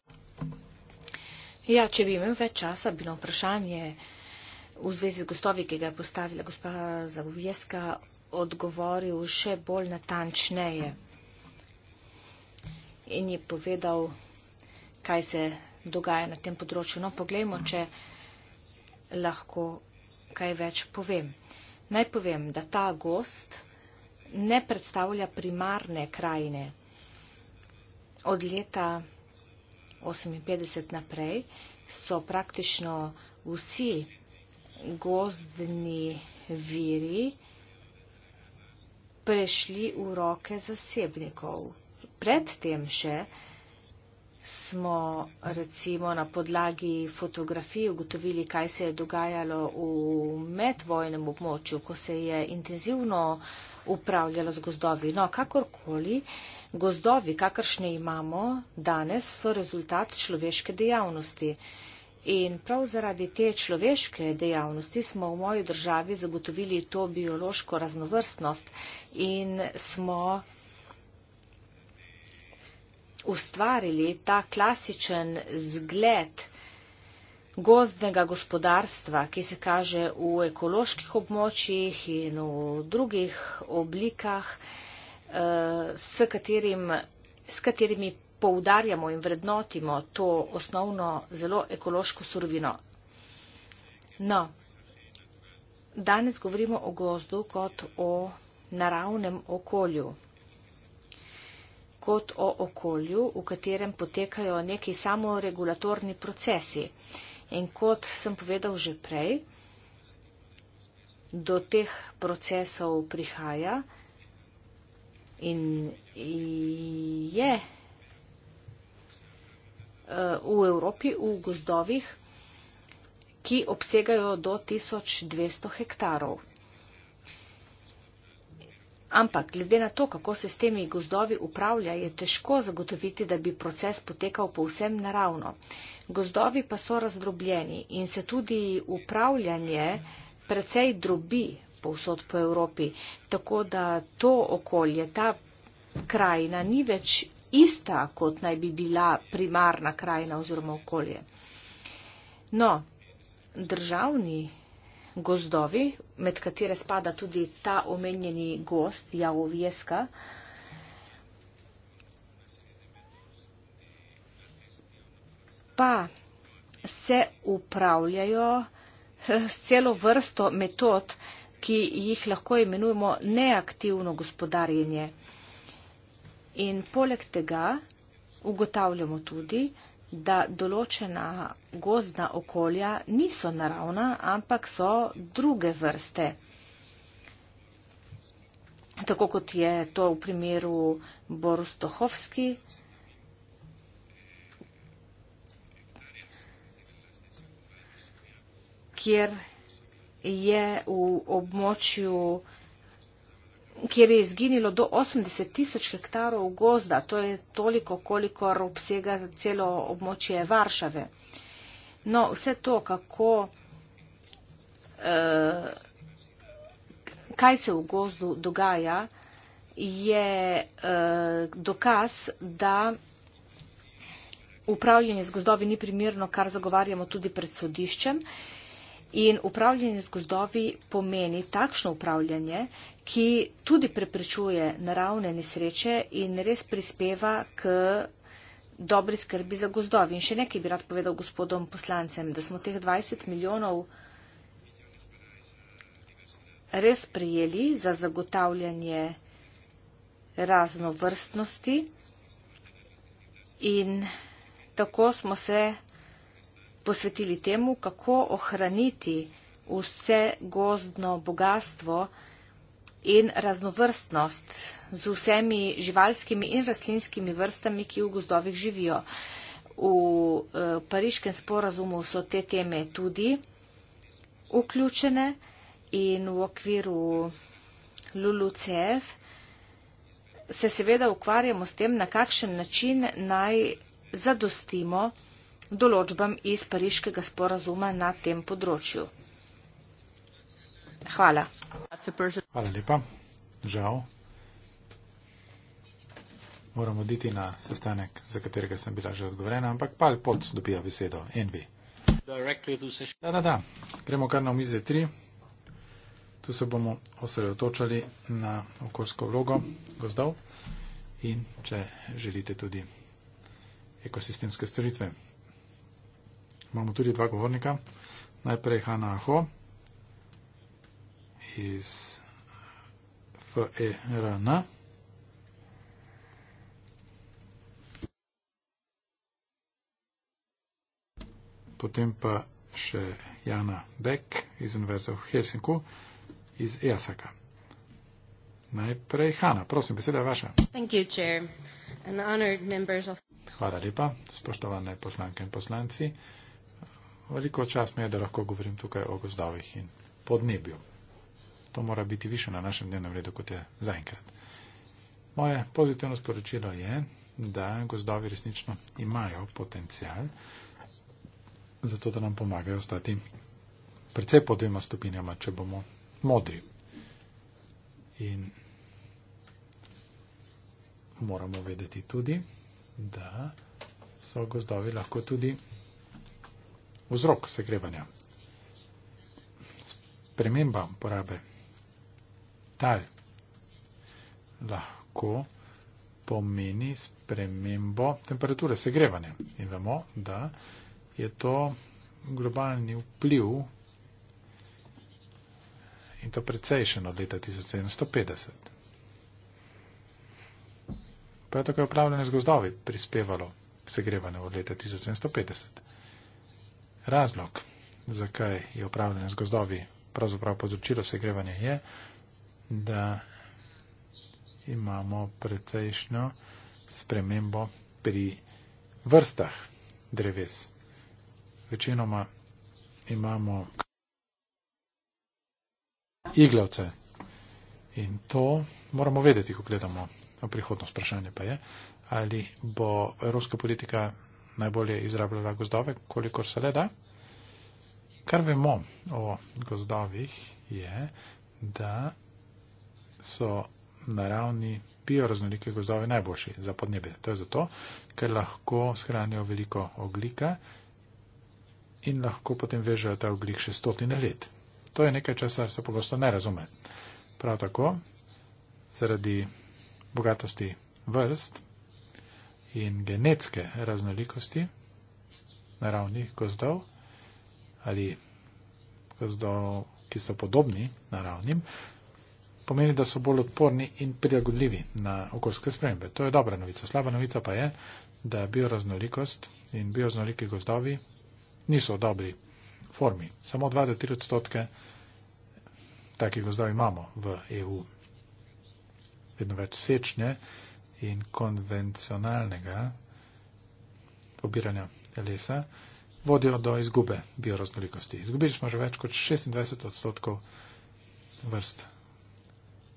Ja, če bi imel več časa, bi na vprašanje v zvezi z gostovi, ki ga je postavila gospa Zavujeska, odgovoril še bolj natančneje in je povedal, kaj se dogaja na tem področju. No, poglejmo, če lahko kaj več povem. Naj povem, da ta gost ne predstavlja primarne krajine. Od leta 1958 naprej so praktično vsi gozdni viri prešli v roke zasebnikov. Predtem še smo recimo na podlagi fotografij ugotovili, kaj se je dogajalo v medvojnem območju, ko se je intenzivno uh, upravljala z gozdovi. No, kakorkoli, gozdovi, kakršne imamo danes, so rezultat človeške dejavnosti. In prav zaradi te človeške dejavnosti smo v moji državi zagotovili to biološko raznovrstnost in smo ustvarili ta klasičen zgled gozdnega gospodarstva, ki se kaže v ekoloških območjih in v drugih oblikah, eh, s, katerim, s katerimi poudarjamo in vrednotimo to osnovno zelo ekološko surovino. No, danes govorimo o gozdu kot o naravnem okolju kot o okolju, v katerem potekajo neki samoregulatorni procesi. Uh, In kot sem povedal že prej, do teh procesov prihaja in je eh, v Evropi, v gozdovih, ki obsegajo do 1200 hektarov. Ampak glede na to, kako se s temi gozdovi upravlja, je težko zagotoviti, da bi proces potekal povsem naravno. Gozdovi pa so razdrobljeni in se tudi upravljanje precej drobi povsod po Evropi, tako da to okolje, ta krajina ni več ista, kot naj bi bila primarna krajina oziroma okolje. No, državni gozdovi, med katere spada tudi ta omenjeni gost, Javovjeska. Pa se upravljajo eh, s celo vrsto metod, ki jih lahko imenujemo neaktivno gospodarjenje. In poleg tega ugotavljamo tudi, da določena gozdna okolja niso naravna, ampak so druge vrste. Tako kot je to v primeru Boris Tohovski, kjer je v območju kjer je izginilo do 80 tisoč hektarov gozda. To je toliko, kolikor obsega celo območje Varšave. No, vse to, kako, eh, kaj se v gozdu dogaja, je eh, dokaz, da upravljanje z gozdovi ni primirno, kar zagovarjamo tudi pred sodiščem. In upravljanje z gozdovi pomeni takšno upravljanje, ki tudi preprečuje naravne nesreče in res prispeva k dobri skrbi za gozdovi. In še nekaj bi rad povedal gospodom poslancem, da smo teh 20 milijonov res prijeli za zagotavljanje raznovrstnosti in tako smo se posvetili temu, kako ohraniti vse gozdno bogatstvo, in raznovrstnost z vsemi živalskimi in rastlinskimi vrstami, ki v gozdovih živijo. V eh, pariškem sporazumu so te teme tudi vključene in v okviru LULUCF se seveda ukvarjamo s tem, na kakšen način naj zadostimo določbam iz pariškega sporazuma na tem področju. Hvala. Hvala lepa. Žal. Moram oditi na sestanek, za katerega sem bila že odgovorena, ampak pa ali pot dobija besedo. NV. Da, da, da. Gremo kar na omize 3. Tu se bomo osredotočali na okoljsko vlogo gozdov in če želite tudi ekosistemske storitve. Imamo tudi dva govornika. Najprej Hanna Ho iz FERN. Potem pa še Jana Beck iz Univerze v Helsinku iz EASAKA. Najprej Hanna, prosim, beseda je vaša. You, of... Hvala lepa, spoštovane poslanke in poslanci. Veliko čas mi je, da lahko govorim tukaj o gozdovih in podnebju to mora biti više na našem dnevnem redu, kot je zaenkrat. Moje pozitivno sporočilo je, da gozdovi resnično imajo potencial, zato da nam pomagajo ostati predvsej pod dvema stopinjama, če bomo modri. In moramo vedeti tudi, da so gozdovi lahko tudi vzrok segrevanja. Sprememba porabe kapital lahko pomeni spremembo temperature segrevanja. In vemo, da je to globalni vpliv in to precejšen od leta 1750. Prav tako je upravljanje z gozdovi prispevalo k segrevanju od leta 1750. Razlog, zakaj je upravljanje z gozdovi pravzaprav povzročilo segrevanje, je, da imamo precejšno spremembo pri vrstah dreves. Večinoma imamo iglavce in to moramo vedeti, ko gledamo na prihodnost. Vprašanje pa je, ali bo evropska politika najbolje izrabljala gozdove, kolikor se le da. Kar vemo o gozdovih je, da so naravni bioraznolike gozdovi najboljši za podnebje. To je zato, ker lahko shranijo veliko oglika in lahko potem vežejo ta oglik še stotine let. To je nekaj, česar se pogosto ne razume. Prav tako, zaradi bogatosti vrst in genetske raznolikosti naravnih gozdov ali gozdov, ki so podobni naravnim, pomeni, da so bolj odporni in prilagodljivi na okoljske spremembe. To je dobra novica. Slaba novica pa je, da bioraznolikost in bioraznoliki gozdovi niso v dobri formi. Samo 2 do 3 odstotke takih gozdov imamo v EU. Vedno več sečne in konvencionalnega pobiranja lesa vodijo do izgube bioraznolikosti. Izgubili smo že več kot 26 odstotkov vrst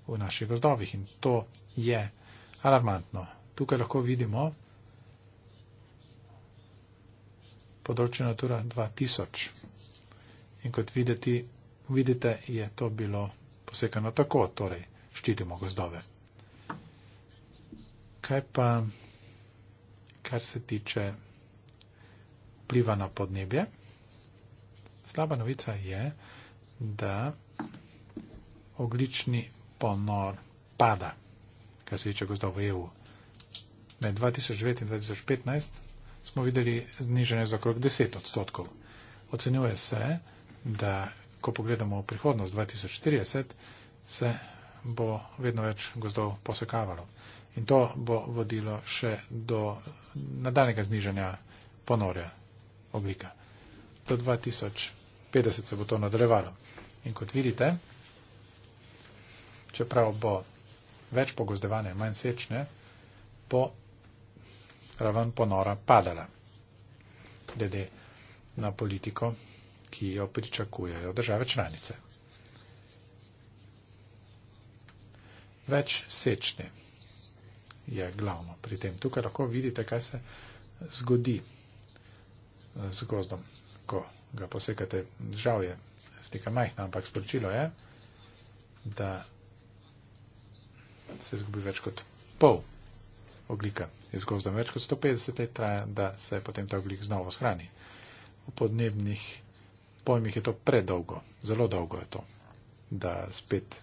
v naših gozdovih in to je alarmantno. Tukaj lahko vidimo področje Natura 2000 in kot videti, vidite, je to bilo posekano tako, torej štitimo gozdove. Kaj pa, kar se tiče pliva na podnebje? Slaba novica je, da oglični ponor pada, kar se tiče gozdov v EU. Med 2009 in 2015 smo videli znižanje za okrog 10 odstotkov. Ocenjuje se, da ko pogledamo v prihodnost 2040, se bo vedno več gozdov posekavalo. In to bo vodilo še do nadaljnega znižanja ponorja oblika. Do 2050 se bo to nadaljevalo. In kot vidite, čeprav bo več pogozdevanja, manj sečne, bo raven ponora padala glede na politiko, ki jo pričakujejo države članice. Več sečne je glavno pri tem. Tukaj lahko vidite, kaj se zgodi eh, z gozdom, ko ga posekate. Žal je slika majhna, ampak sporočilo je, da se izgubi več kot pol oglika iz gozda. Več kot 150 let traja, da se potem ta oglik znova shrani. V podnebnih pojmih je to predolgo, zelo dolgo je to, da spet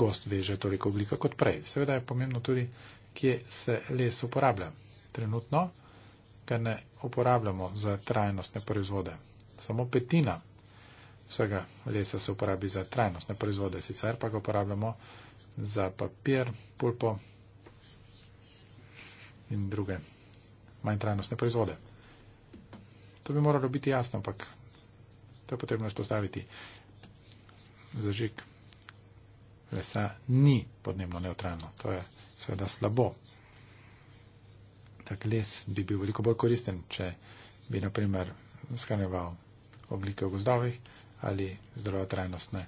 gost veže toliko oglika kot prej. Seveda je pomembno tudi, kje se les uporablja. Trenutno ga ne uporabljamo za trajnostne proizvode. Samo petina vsega lesa se uporabi za trajnostne proizvode, sicer pa ga uporabljamo za papir, pulpo in druge manj trajnostne proizvode. To bi moralo biti jasno, ampak to je potrebno izpostaviti. Zažig lesa ni podnebno neutralno. To je seveda slabo. Tak les bi bil veliko bolj koristen, če bi naprimer skrneval oblike v gozdovih ali zdravotrajnostne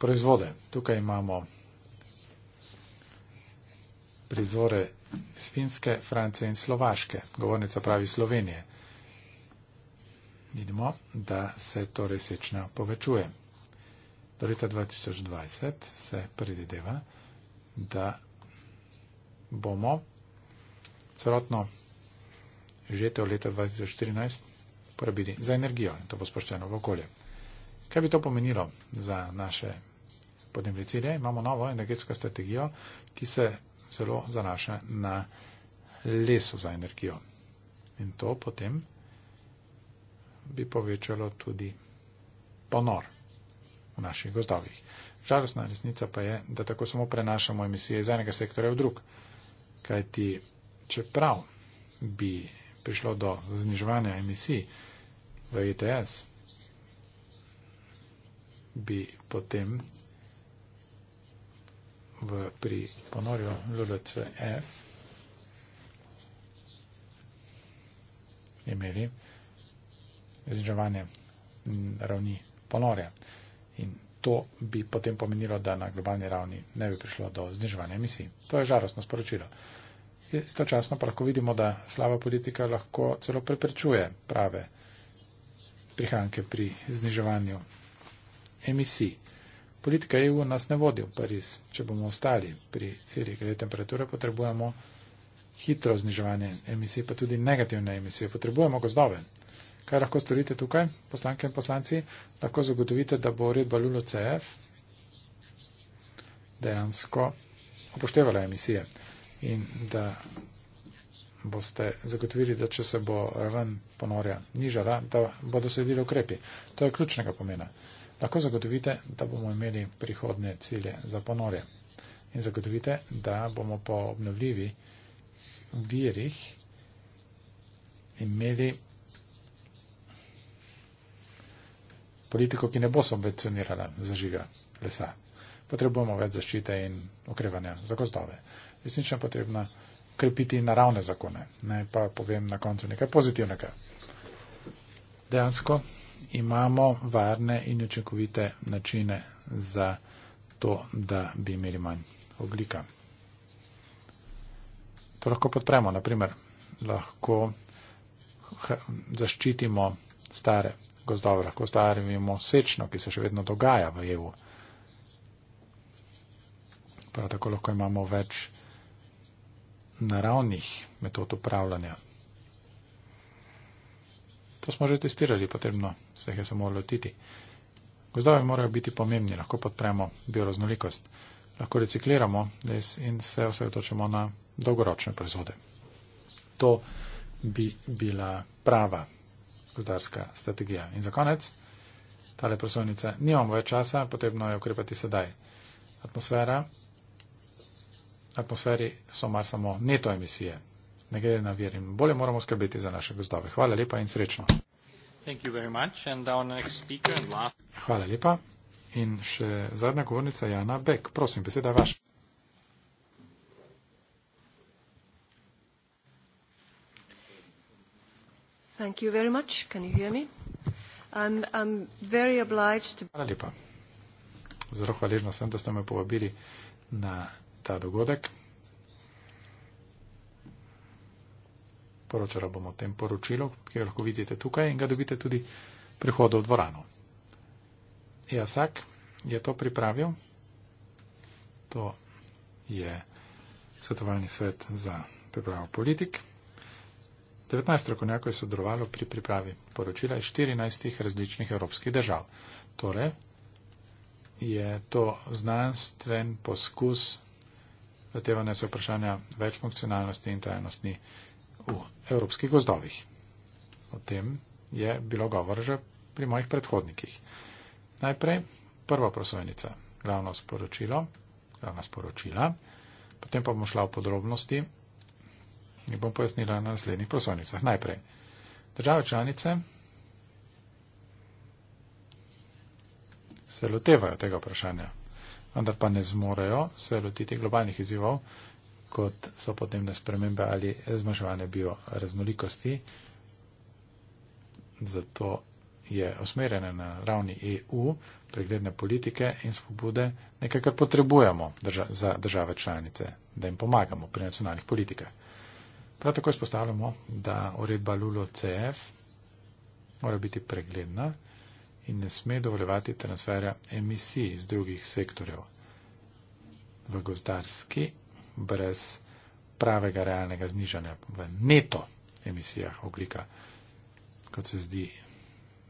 proizvode. Tukaj imamo prizore iz Finske, Francije in Slovaške. Govornica pravi Slovenije. Vidimo, da se torej sečna povečuje. Do leta 2020 se predideva, da bomo celotno žete v leta 2014 porabili za energijo in to bo spoščeno v okolje. Kaj bi to pomenilo za naše podnebne cilje? Imamo novo energetsko strategijo, ki se zelo zanaša na leso za energijo. In to potem bi povečalo tudi ponor v naših gozdovih. Žalostna resnica pa je, da tako samo prenašamo emisije iz enega sektorja v drug. Kaj ti, čeprav bi prišlo do zniževanja emisij v ETS, bi potem v, pri ponorju LLCF imeli znižovanje ravni ponorja. In to bi potem pomenilo, da na globalni ravni ne bi prišlo do znižovanja emisij. To je žalostno sporočilo. Istočasno pa lahko vidimo, da slaba politika lahko celo preprečuje prave prihranke pri zniževanju emisij. Politika EU nas ne vodi v Pariz. Če bomo ostali pri cilji glede temperature, potrebujemo hitro zniževanje emisij, pa tudi negativne emisije. Potrebujemo gozdove. Kaj lahko storite tukaj, poslanke in poslanci? Lahko zagotovite, da bo uredba LULOCF dejansko upoštevala emisije in da boste zagotovili, da če se bo raven ponorja nižala, da bodo sledili ukrepi. To je ključnega pomena lahko zagotovite, da bomo imeli prihodne cilje za ponore in zagotovite, da bomo po obnovljivi virih imeli politiko, ki ne bo subvencionirala za žiga lesa. Potrebujemo več zaščite in okrevanja za gozdove. Resnično je potrebno krepiti naravne zakone. Naj pa povem na koncu nekaj pozitivnega. Dejansko imamo varne in očekovite načine za to, da bi imeli manj oglika. To lahko podpremo, naprimer, lahko zaščitimo stare gozdove, lahko ustavimo sečno, ki se še vedno dogaja v EU. Prav tako lahko imamo več naravnih metod upravljanja. To smo že testirali, potrebno se jih je samo lotiti. Gozdovi morajo biti pomembni, lahko podpremo bioraznolikost, lahko recikliramo in se osredotočamo na dolgoročne proizvode. To bi bila prava gozdarska strategija. In za konec, tale prosovnica, nimamo več časa, potrebno je ukrepati sedaj. Atmosfera, atmosferi so mar samo neto emisije, ne glede na vir in bolje moramo skrbeti za naše gozdove. Hvala lepa in srečno. Thank you very much. And our next speaker and last... Hvala lepa. In še zadnja govornica Jana Bek. Prosim, beseda je vaš. Thank you very much. Can you hear me? I'm, I'm very obliged to... Hvala lepa. Zelo hvaležna sem, da ste me povabili na ta dogodek. poročala bom o tem poročilu, ki ga lahko vidite tukaj in ga dobite tudi prihodo v dvorano. Jasak je to pripravil. To je svetovalni svet za pripravo politik. 19 strokovnjakov je sodelovalo pri pripravi poročila iz 14 različnih evropskih držav. Torej je to znanstven poskus lotevanja se vprašanja večfunkcionalnosti in trajnosti v evropskih gozdovih. O tem je bilo govor že pri mojih predhodnikih. Najprej prva prosojnica, glavno sporočilo, glavna sporočila, potem pa bom šla v podrobnosti in bom pojasnila na naslednjih prosojnicah. Najprej države članice se lotevajo tega vprašanja, vendar pa ne zmorejo se lotiti globalnih izzivov, kot so podnebne spremembe ali zmaževanje bioraznolikosti. Zato je osmerjena na ravni EU pregledne politike in spobude nekaj, kar potrebujemo drža za države članice, da jim pomagamo pri nacionalnih politikah. Prav tako izpostavljamo, da uredba LULO-CF mora biti pregledna in ne sme dovoljevati transferja emisij iz drugih sektorjev v gozdarski brez pravega realnega znižanja v neto emisijah oglika, kot se zdi,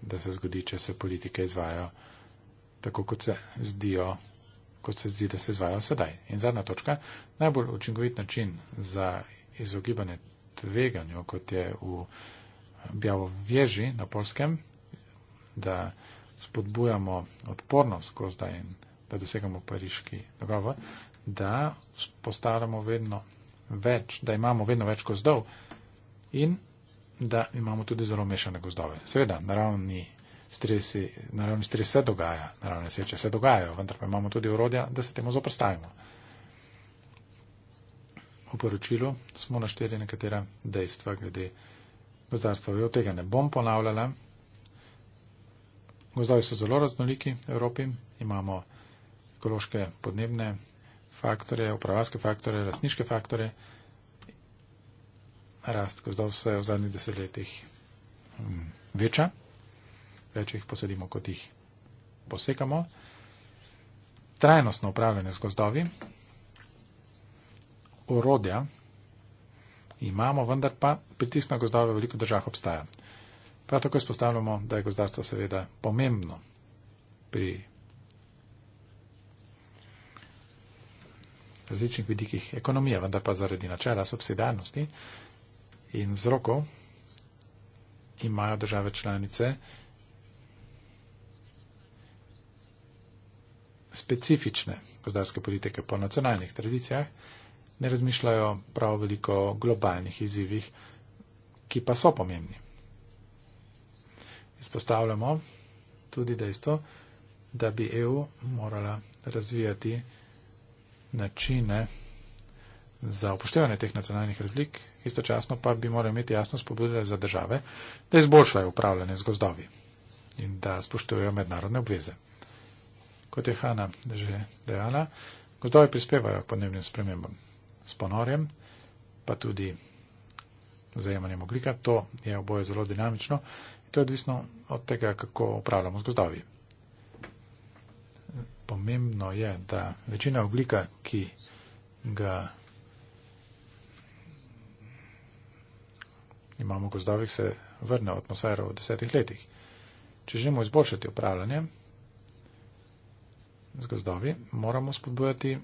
da se zgodi, če se politike izvajo tako, kot se zdijo, kot se zdi, da se izvajo sedaj. In zadnja točka, najbolj učinkovit način za izogibanje tveganju, kot je v objavo veži na polskem, da spodbujamo odpornost gozda in da dosegamo pariški dogovor, da postaramo vedno več, da imamo vedno več gozdov in da imamo tudi zelo mešane gozdove. Seveda, naravni stresi, naravni stres se dogaja, naravne sreče se dogajajo, vendar pa imamo tudi urodja, da se temu zoprstavimo. V poročilu smo našteli nekatera dejstva glede gozdarstva. Jo tega ne bom ponavljala. Gozdovi so zelo raznoliki v Evropi. Imamo ekološke podnebne faktore, upravljanske faktore, lasniške faktore, rast gozdov se v zadnjih desetletjih mm, veča, več jih posedimo, kot jih posekamo. Trajnostno upravljanje z gozdovi, orodja imamo, vendar pa pritisk na gozdove v veliko držav obstaja. Prav tako izpostavljamo, da je gozdarstvo seveda pomembno pri različnih vidikih ekonomije, vendar pa zaradi načela subsidarnosti in vzrokov imajo države članice specifične gozdarske politike po nacionalnih tradicijah, ne razmišljajo prav veliko o globalnih izzivih, ki pa so pomembni. Izpostavljamo tudi dejstvo, da bi EU morala razvijati načine za upoštevanje teh nacionalnih razlik, istočasno pa bi morali imeti jasno spodbude za države, da izboljšajo upravljanje z gozdovi in da spoštujejo mednarodne obveze. Kot je Hanna že dejala, gozdovi prispevajo k podnebnim spremembam s ponorjem, pa tudi zajemanjem oglika. To je oboje zelo dinamično in to je odvisno od tega, kako upravljamo z gozdovi pomembno je, da večina oglika, ki ga imamo v gozdovih, se vrne v atmosfero v desetih letih. Če želimo izboljšati upravljanje z gozdovi, moramo spodbujati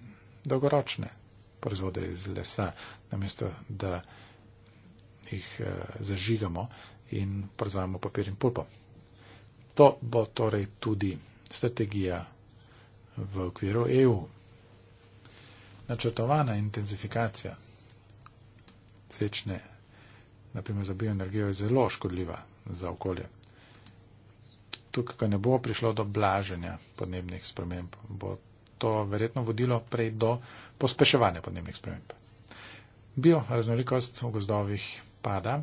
dolgoročne proizvode iz lesa, namesto da jih eh, zažigamo in proizvajamo papir in pulpo. To bo torej tudi strategija v okviru EU. Načrtovana intenzifikacija sečne, naprimer za bioenergijo, je zelo škodljiva za okolje. Tukaj ne bo prišlo do blaženja podnebnih sprememb, bo to verjetno vodilo prej do pospeševanja podnebnih sprememb. Bioraznolikost v gozdovih pada.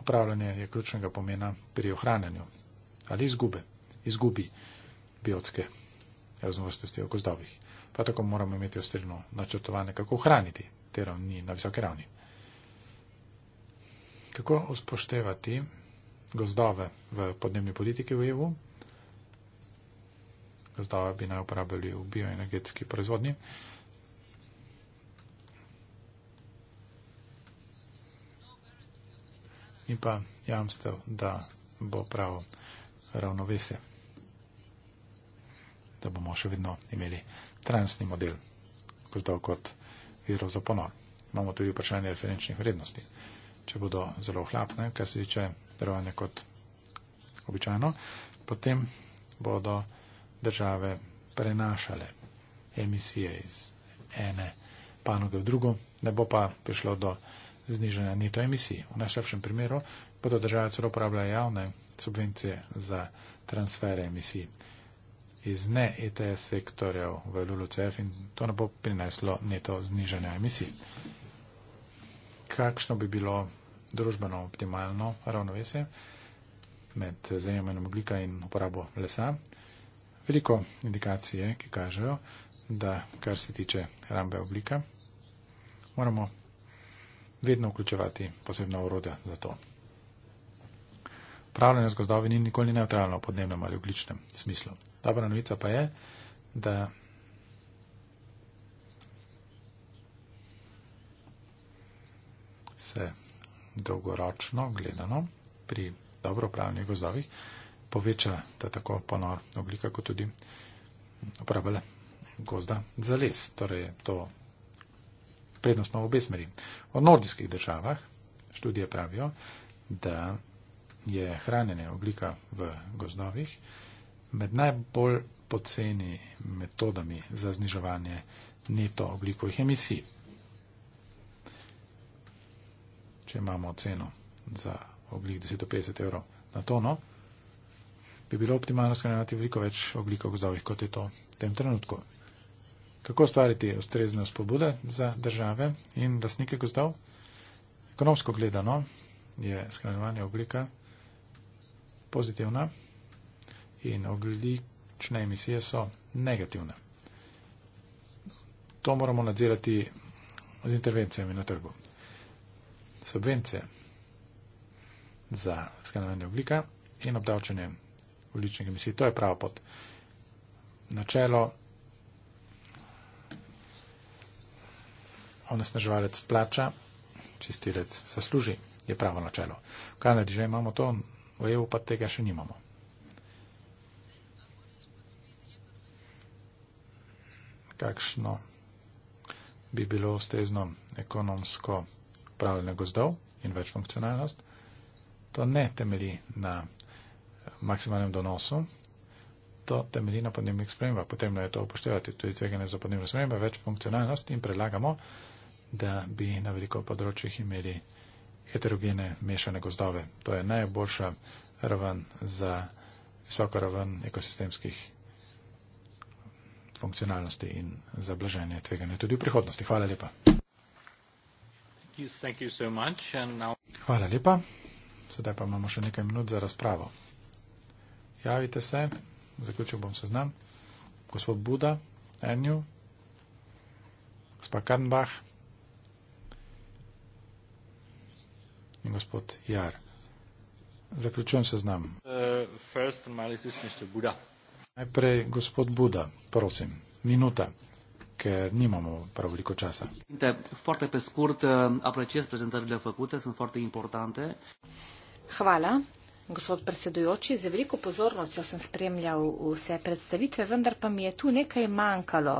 Upravljanje je ključnega pomena pri ohranjanju ali izgube izgubi biotske raznovrstnosti v gozdovih. Pa tako moramo imeti ostrino načrtovane, kako ohraniti te ravni na visoke ravni. Kako uspoštevati gozdove v podnebni politiki v EU? Gozdove bi naj uporabljali v bioenergetski proizvodnji. In pa jamstev, da bo prav ravnovesje da bomo še vedno imeli trajnostni model gozdov kot viro za ponor. Imamo tudi vprašanje referenčnih vrednosti, če bodo zelo ohlapne, kar se tiče darovanja kot običajno, potem bodo države prenašale emisije iz ene panoge v drugo, ne bo pa prišlo do znižanja neto emisij. V najslabšem primeru bodo države celo uporabljale javne subvencije za transfere emisij iz ne-ETS sektorjev v LULUCF in to ne bo prineslo neto znižanja emisij. Kakšno bi bilo družbeno optimalno ravnovesje med zajemanjem oglika in uporabo lesa? Veliko indikacij je, ki kažejo, da kar se tiče rambe oglika, moramo vedno vključevati posebna urodja za to. Pravljanje z gozdovi ni nikoli neutralno v podnebnem ali ogličnem smislu. Dobra novica pa je, da se dolgoročno gledano pri dobro upravljanju gozdovih poveča ta tako ponor oblika, kot tudi upravljala gozda za les. Torej je to prednostno v obe smeri. V nordijskih državah študije pravijo, da je hranjenje oblika v gozdovih med najbolj poceni metodami za zniževanje neto oglikovih emisij. Če imamo ceno za oglik 10 do 50 evrov na tono, bi bilo optimalno skrajnati veliko več oglikov gozdovih, kot je to v tem trenutku. Kako stvariti ustrezne spodbude za države in lasnike gozdov? Ekonomsko gledano je skrajnovanje oblika pozitivna in oglične emisije so negativne. To moramo nadzirati z intervencijami na trgu. Subvencije za skanovanje oglika in obdavčanje uličnih emisij, to je prava pot. Načelo onesnaževalec plača, čistilec zasluži, je pravo načelo. V Kanadi že imamo to, v EU pa tega še nimamo. kakšno bi bilo ustrezno ekonomsko upravljanje gozdov in večfunkcionalnost. To ne temelji na eh, maksimalnem donosu, to temelji na podnebnih spremembah. Potrebno je to upoštevati tudi tveganje za podnebne spremembe, večfunkcionalnost in predlagamo, da bi na veliko področjih imeli heterogene mešane gozdove. To je najboljša raven za visoko raven ekosistemskih funkcionalnosti in za blaženje tveganja tudi v prihodnosti. Hvala lepa. Hvala lepa. Sedaj pa imamo še nekaj minut za razpravo. Javite se, zaključil bom seznam. Gospod Buda, Enju, gospod Kadenbach in gospod Jar. Zaključujem seznam. Uh, first on my list is Mr. Buda. Najprej gospod Buda, prosim, minuta. Ker nimamo prav veliko časa. Uh, Hvala, gospod predsedujoči. Z veliko pozornostjo sem spremljal vse predstavitve, vendar pa mi je tu nekaj manjkalo.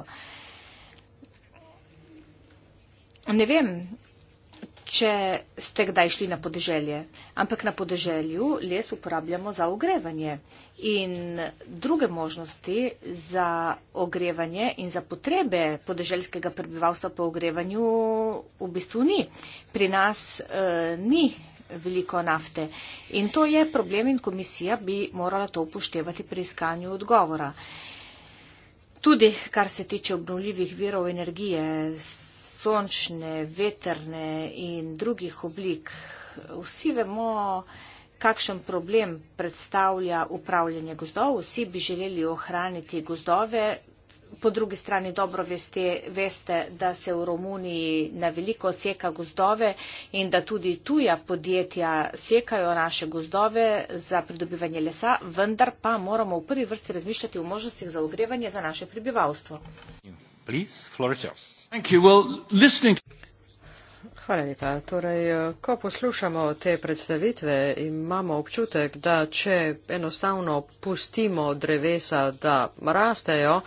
Ne vem, če ste kdaj šli na podeželje. Ampak na podeželju les uporabljamo za ogrevanje. In druge možnosti za ogrevanje in za potrebe podeželjskega prebivalstva po ogrevanju v bistvu ni. Pri nas uh, ni veliko nafte. In to je problem in komisija bi morala to upoštevati pri iskanju odgovora. Tudi kar se tiče obnovljivih virov energije. S, sončne, veterne in drugih oblik. Vsi vemo, kakšen problem predstavlja upravljanje gozdov. Vsi bi želeli ohraniti gozdove. Po drugi strani dobro veste, veste, da se v Romuniji na veliko seka gozdove in da tudi tuja podjetja sekajo naše gozdove za pridobivanje lesa, vendar pa moramo v prvi vrsti razmišljati o možnostih za ogrevanje za naše prebivalstvo. Ja. Hvala lepa. Torej, ko poslušamo te predstavitve, imamo občutek, da če enostavno pustimo drevesa, da rastejo,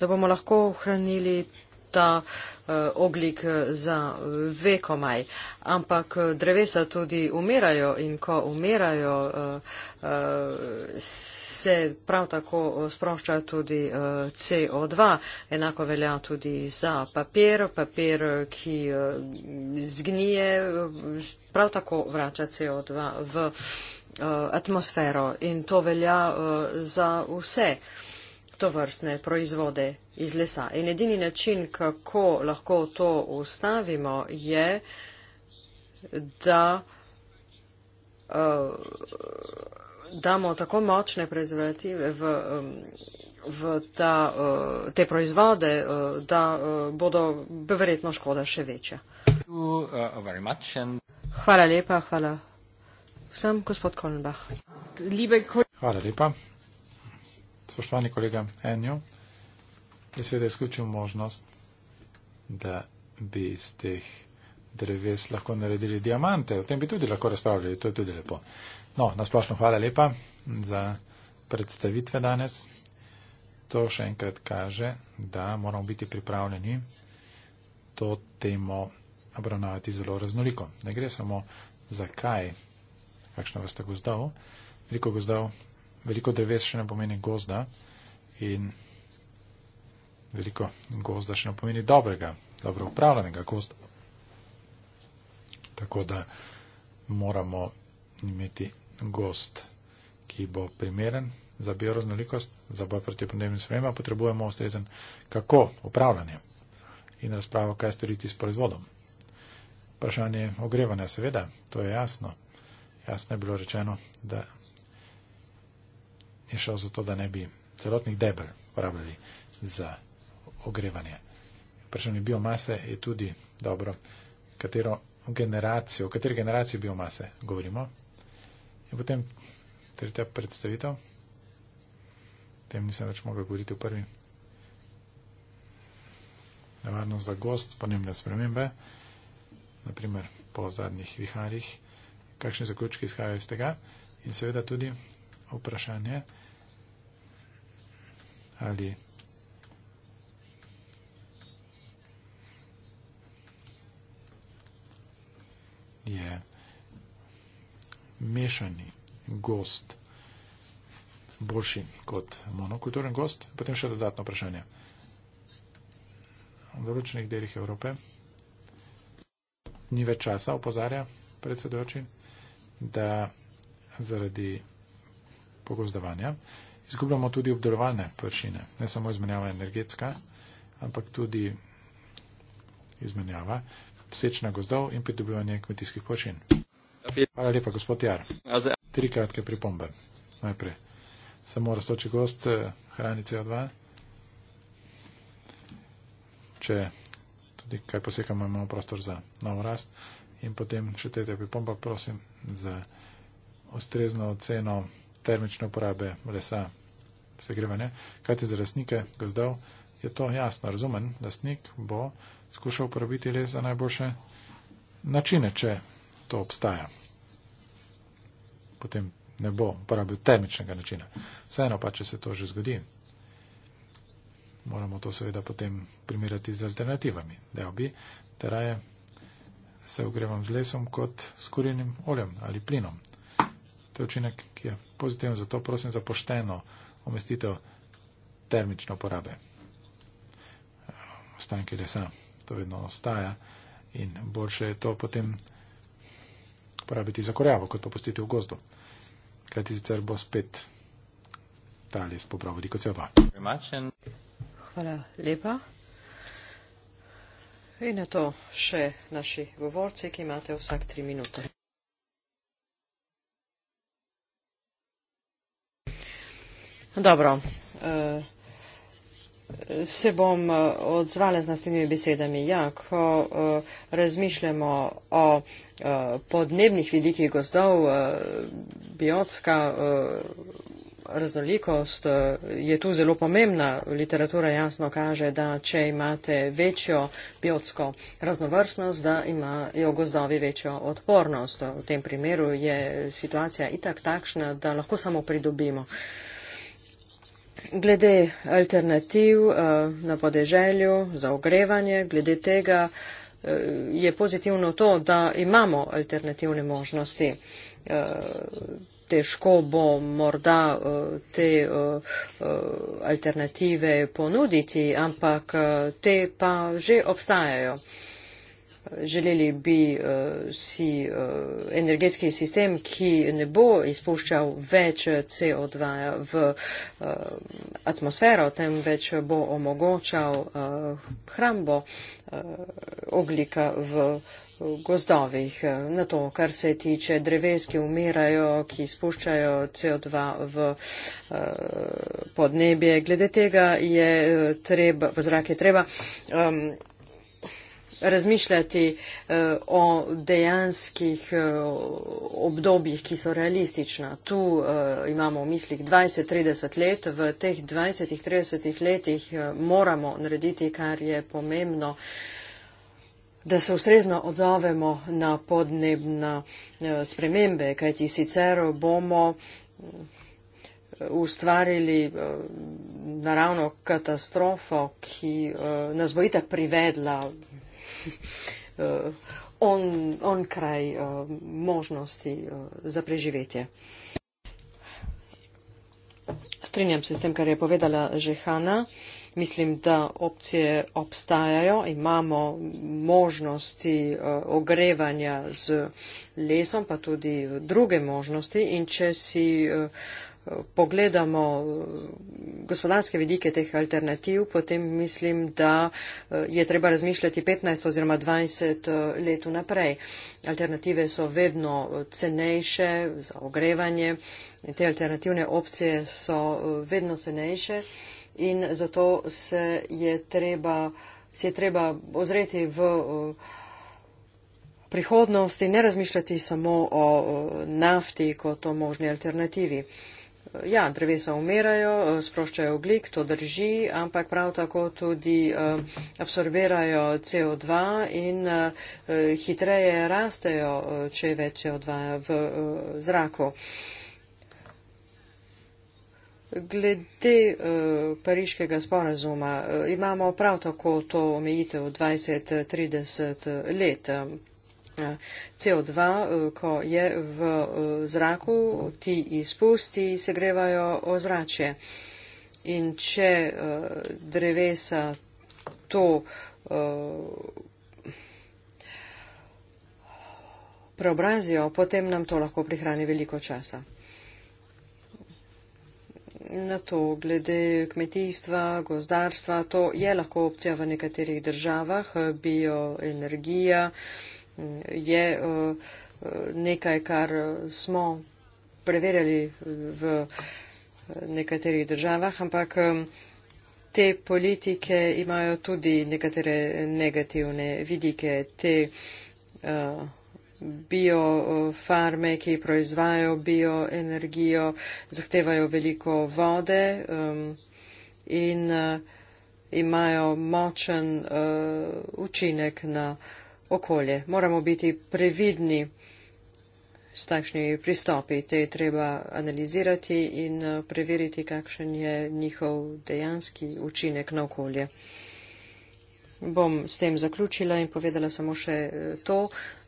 da bomo lahko ohranili ta uh, Eh, oglik eh, za vekomaj. Ampak eh, drevesa tudi umirajo in ko umirajo, se prav tako sprošča tudi CO2. Enako velja tudi za papir, papir, ki zgnije, prav tako vrača CO2 v atmosfero in to velja za vse to vrstne proizvode iz lesa. In edini način, kako lahko to ustavimo, je, da uh, damo tako močne prezervative v, v ta, uh, te proizvode, uh, da uh, bodo verjetno škoda še večja. Hvala lepa, hvala. Sem gospod Kolenbach. Hvala lepa. Spoštovani kolega Enjo, jaz seveda izključim možnost, da bi iz teh dreves lahko naredili diamante. O tem bi tudi lahko razpravljali, to je tudi lepo. No, nasplošno hvala lepa za predstavitve danes. To še enkrat kaže, da moramo biti pripravljeni to temo obravnavati zelo raznoliko. Ne gre samo za kaj, kakšna vrsta gozdov, veliko gozdov veliko dreves še ne pomeni gozda in veliko gozda še ne pomeni dobrega, dobro upravljenega gozda. Tako da moramo imeti gost, ki bo primeren za bioroznolikost, za boj proti podnebnim spremembam, potrebujemo ustrezen kako upravljanje in razpravo, kaj storiti s proizvodom. Vprašanje ogrevanja, seveda, to je jasno. Jasno je bilo rečeno, da je šel za to, da ne bi celotnih debel uporabljali za ogrevanje. Vprašanje biomase je tudi dobro, katero generacijo, o kateri generaciji biomase govorimo. In potem tretja predstavitev, tem nisem več mogel govoriti v prvi. Nevarno za gost, ponemne spremembe, naprimer po zadnjih viharjih, kakšni zaključki izhajajo iz tega in seveda tudi vprašanje ali je mešani gost boljši kot monokulturen gost. Potem še dodatno vprašanje. V določenih delih Evrope ni več časa, opozarja predsedujoči, da zaradi pogozdovanja izgubljamo tudi obdelovalne pršine, ne samo izmenjava energetska, ampak tudi izmenjava sečna gozdov in pridobivanje kmetijskih pošin. Hvala lepa, gospod Jar. Tri kratke pripombe. Najprej, samo rastoči gost eh, hrani CO2. Če tudi kaj posekamo, imamo prostor za novo rast. In potem še tretja pripomba, prosim, za ustrezno oceno termične uporabe lesa se greva, ne? kaj ti za lasnike gozdov, je to jasno, razumen, lasnik bo skušal uporabiti les za najboljše načine, če to obstaja. Potem ne bo uporabil termičnega načina. Vseeno pa, če se to že zgodi, moramo to seveda potem primirati z alternativami. Dejal bi, da raje se ogrevam z lesom kot s kurjenim oljem ali plinom. To je učinek, ki je pozitiven, zato prosim za pošteno umestitev termične uporabe. Ostanke lesa, to vedno ostaja in boljše je to potem uporabiti za korjavo, kot pa postiti v gozdu. Kaj ti sicer bo spet ta les pobral veliko CO2. Hvala lepa. In na to še naši govorci, ki imate vsak tri minute. Dobro. Eh, se bom eh, odzvala z nastavnimi besedami. Ja, ko eh, razmišljamo o podnebnih vidikih gozdov, biotska raznolikost je tu zelo pomembna. Literatura jasno kaže, da če imate večjo biotsko raznovrstnost, da imajo gozdovi večjo odpornost. V tem primeru je situacija itak takšna, da lahko samo pridobimo glede alternativ eh, na podeželju za ogrevanje, glede tega eh, je pozitivno to, da imamo alternativne možnosti. Eh, težko bo morda te alternative ponuditi, ampak te pa že obstajajo. Želeli bi uh, si uh, energetski sistem, ki ne bo izpuščal več CO2 v uh, atmosfero, temveč bo omogočal uh, hrambo uh, oglika v gozdovih. Na to, kar se tiče dreves, ki umirajo, ki spuščajo CO2 v uh, podnebje, glede tega je treba, v zrak je treba. Um, razmišljati uh, o dejanskih uh, obdobjih, ki so realistična. Tu uh, imamo v mislih 20-30 let, v teh 20-30 letih uh, moramo narediti, kar je pomembno da se ustrezno odzovemo na podnebne spremembe, kajti sicer bomo ustvarili naravno katastrofo, ki nas bo itak privedla *laughs* Eh, on, on kraj eh, možnosti eh, za preživetje. Strinjam se s tem, kar je povedala že Hanna. Mislim, da opcije obstajajo. Imamo možnosti ogrevanja z lesom, pa tudi druge možnosti. In če si pogledamo eh, gospodarske vidike teh alternativ, potem mislim, da eh, je treba razmišljati 15 oziroma 20 eh, let naprej. Alternative so vedno cenejše za ogrevanje, te alternativne opcije so vedno cenejše in zato se je treba, se je treba ozreti v prihodnost in ne razmišljati samo o nafti kot o možni alternativi. Ja, drevesa umirajo, eh, sproščajo oglik, to drži, ampak prav tako tudi eh, absorbirajo CO2 in eh, hitreje rastejo, če je več CO2 v zraku. Glede pariškega sporazuma imamo prav tako to omejitev 20-30 let. CO2, eh, ko je v eh, zraku, ti izpusti segrevajo ozračje. In če eh, drevesa to preobrazijo, potem nam to lahko prihrani veliko časa. Na to, glede kmetijstva, gozdarstva, to je lahko opcija v nekaterih državah, bioenergija, eh, je eh, nekaj, kar eh, smo preverjali eh, v nekaterih državah, ampak te politike imajo tudi nekatere negativne vidike. Te biofarme, ki proizvajajo bioenergijo, zahtevajo veliko vode in imajo močen učinek na okolje. Moramo biti previdni s takšnimi pristopi. Te je treba analizirati in eh, preveriti, kakšen je njihov dejanski učinek na okolje. Bom s tem zaključila in povedala samo še eh, to,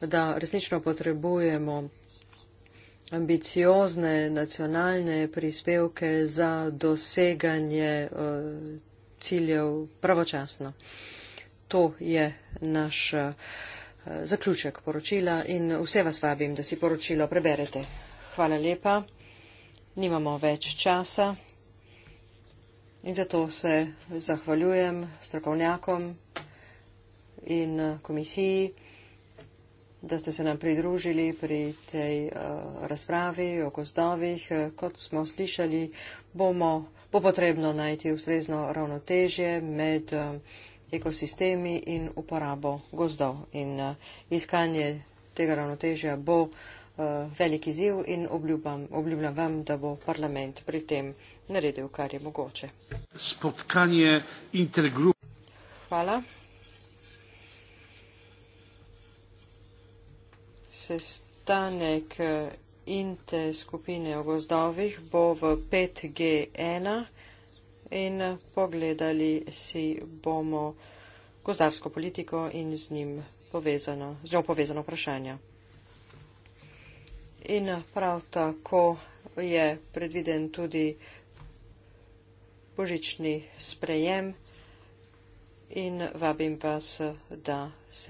da resnično potrebujemo ambiciozne nacionalne prispevke za doseganje eh, ciljev pravočasno. To je naša. Eh, zaključek poročila in vse vas vabim, da si poročilo preberete. Hvala lepa. Nimamo več časa in zato se zahvaljujem strokovnjakom in eh, komisiji, da ste se nam pridružili pri tej uh, razpravi o gozdovih. Kot smo slišali, bomo, bo potrebno najti ustrezno ravnotežje med. Uh, ekosistemi in uporabo gozdov. In eh, iskanje tega ravnotežja bo eh, velik izziv in obljubam, obljubljam vam, da bo parlament pri tem naredil, kar je mogoče. Spotkanje intergrup. Hvala. Sestanek eh, inte skupine o gozdovih bo v 5G1, in pogledali si bomo gozdarsko politiko in z, njim povezano, z njo povezano vprašanje. In prav tako je predviden tudi božični sprejem in vabim vas, da se.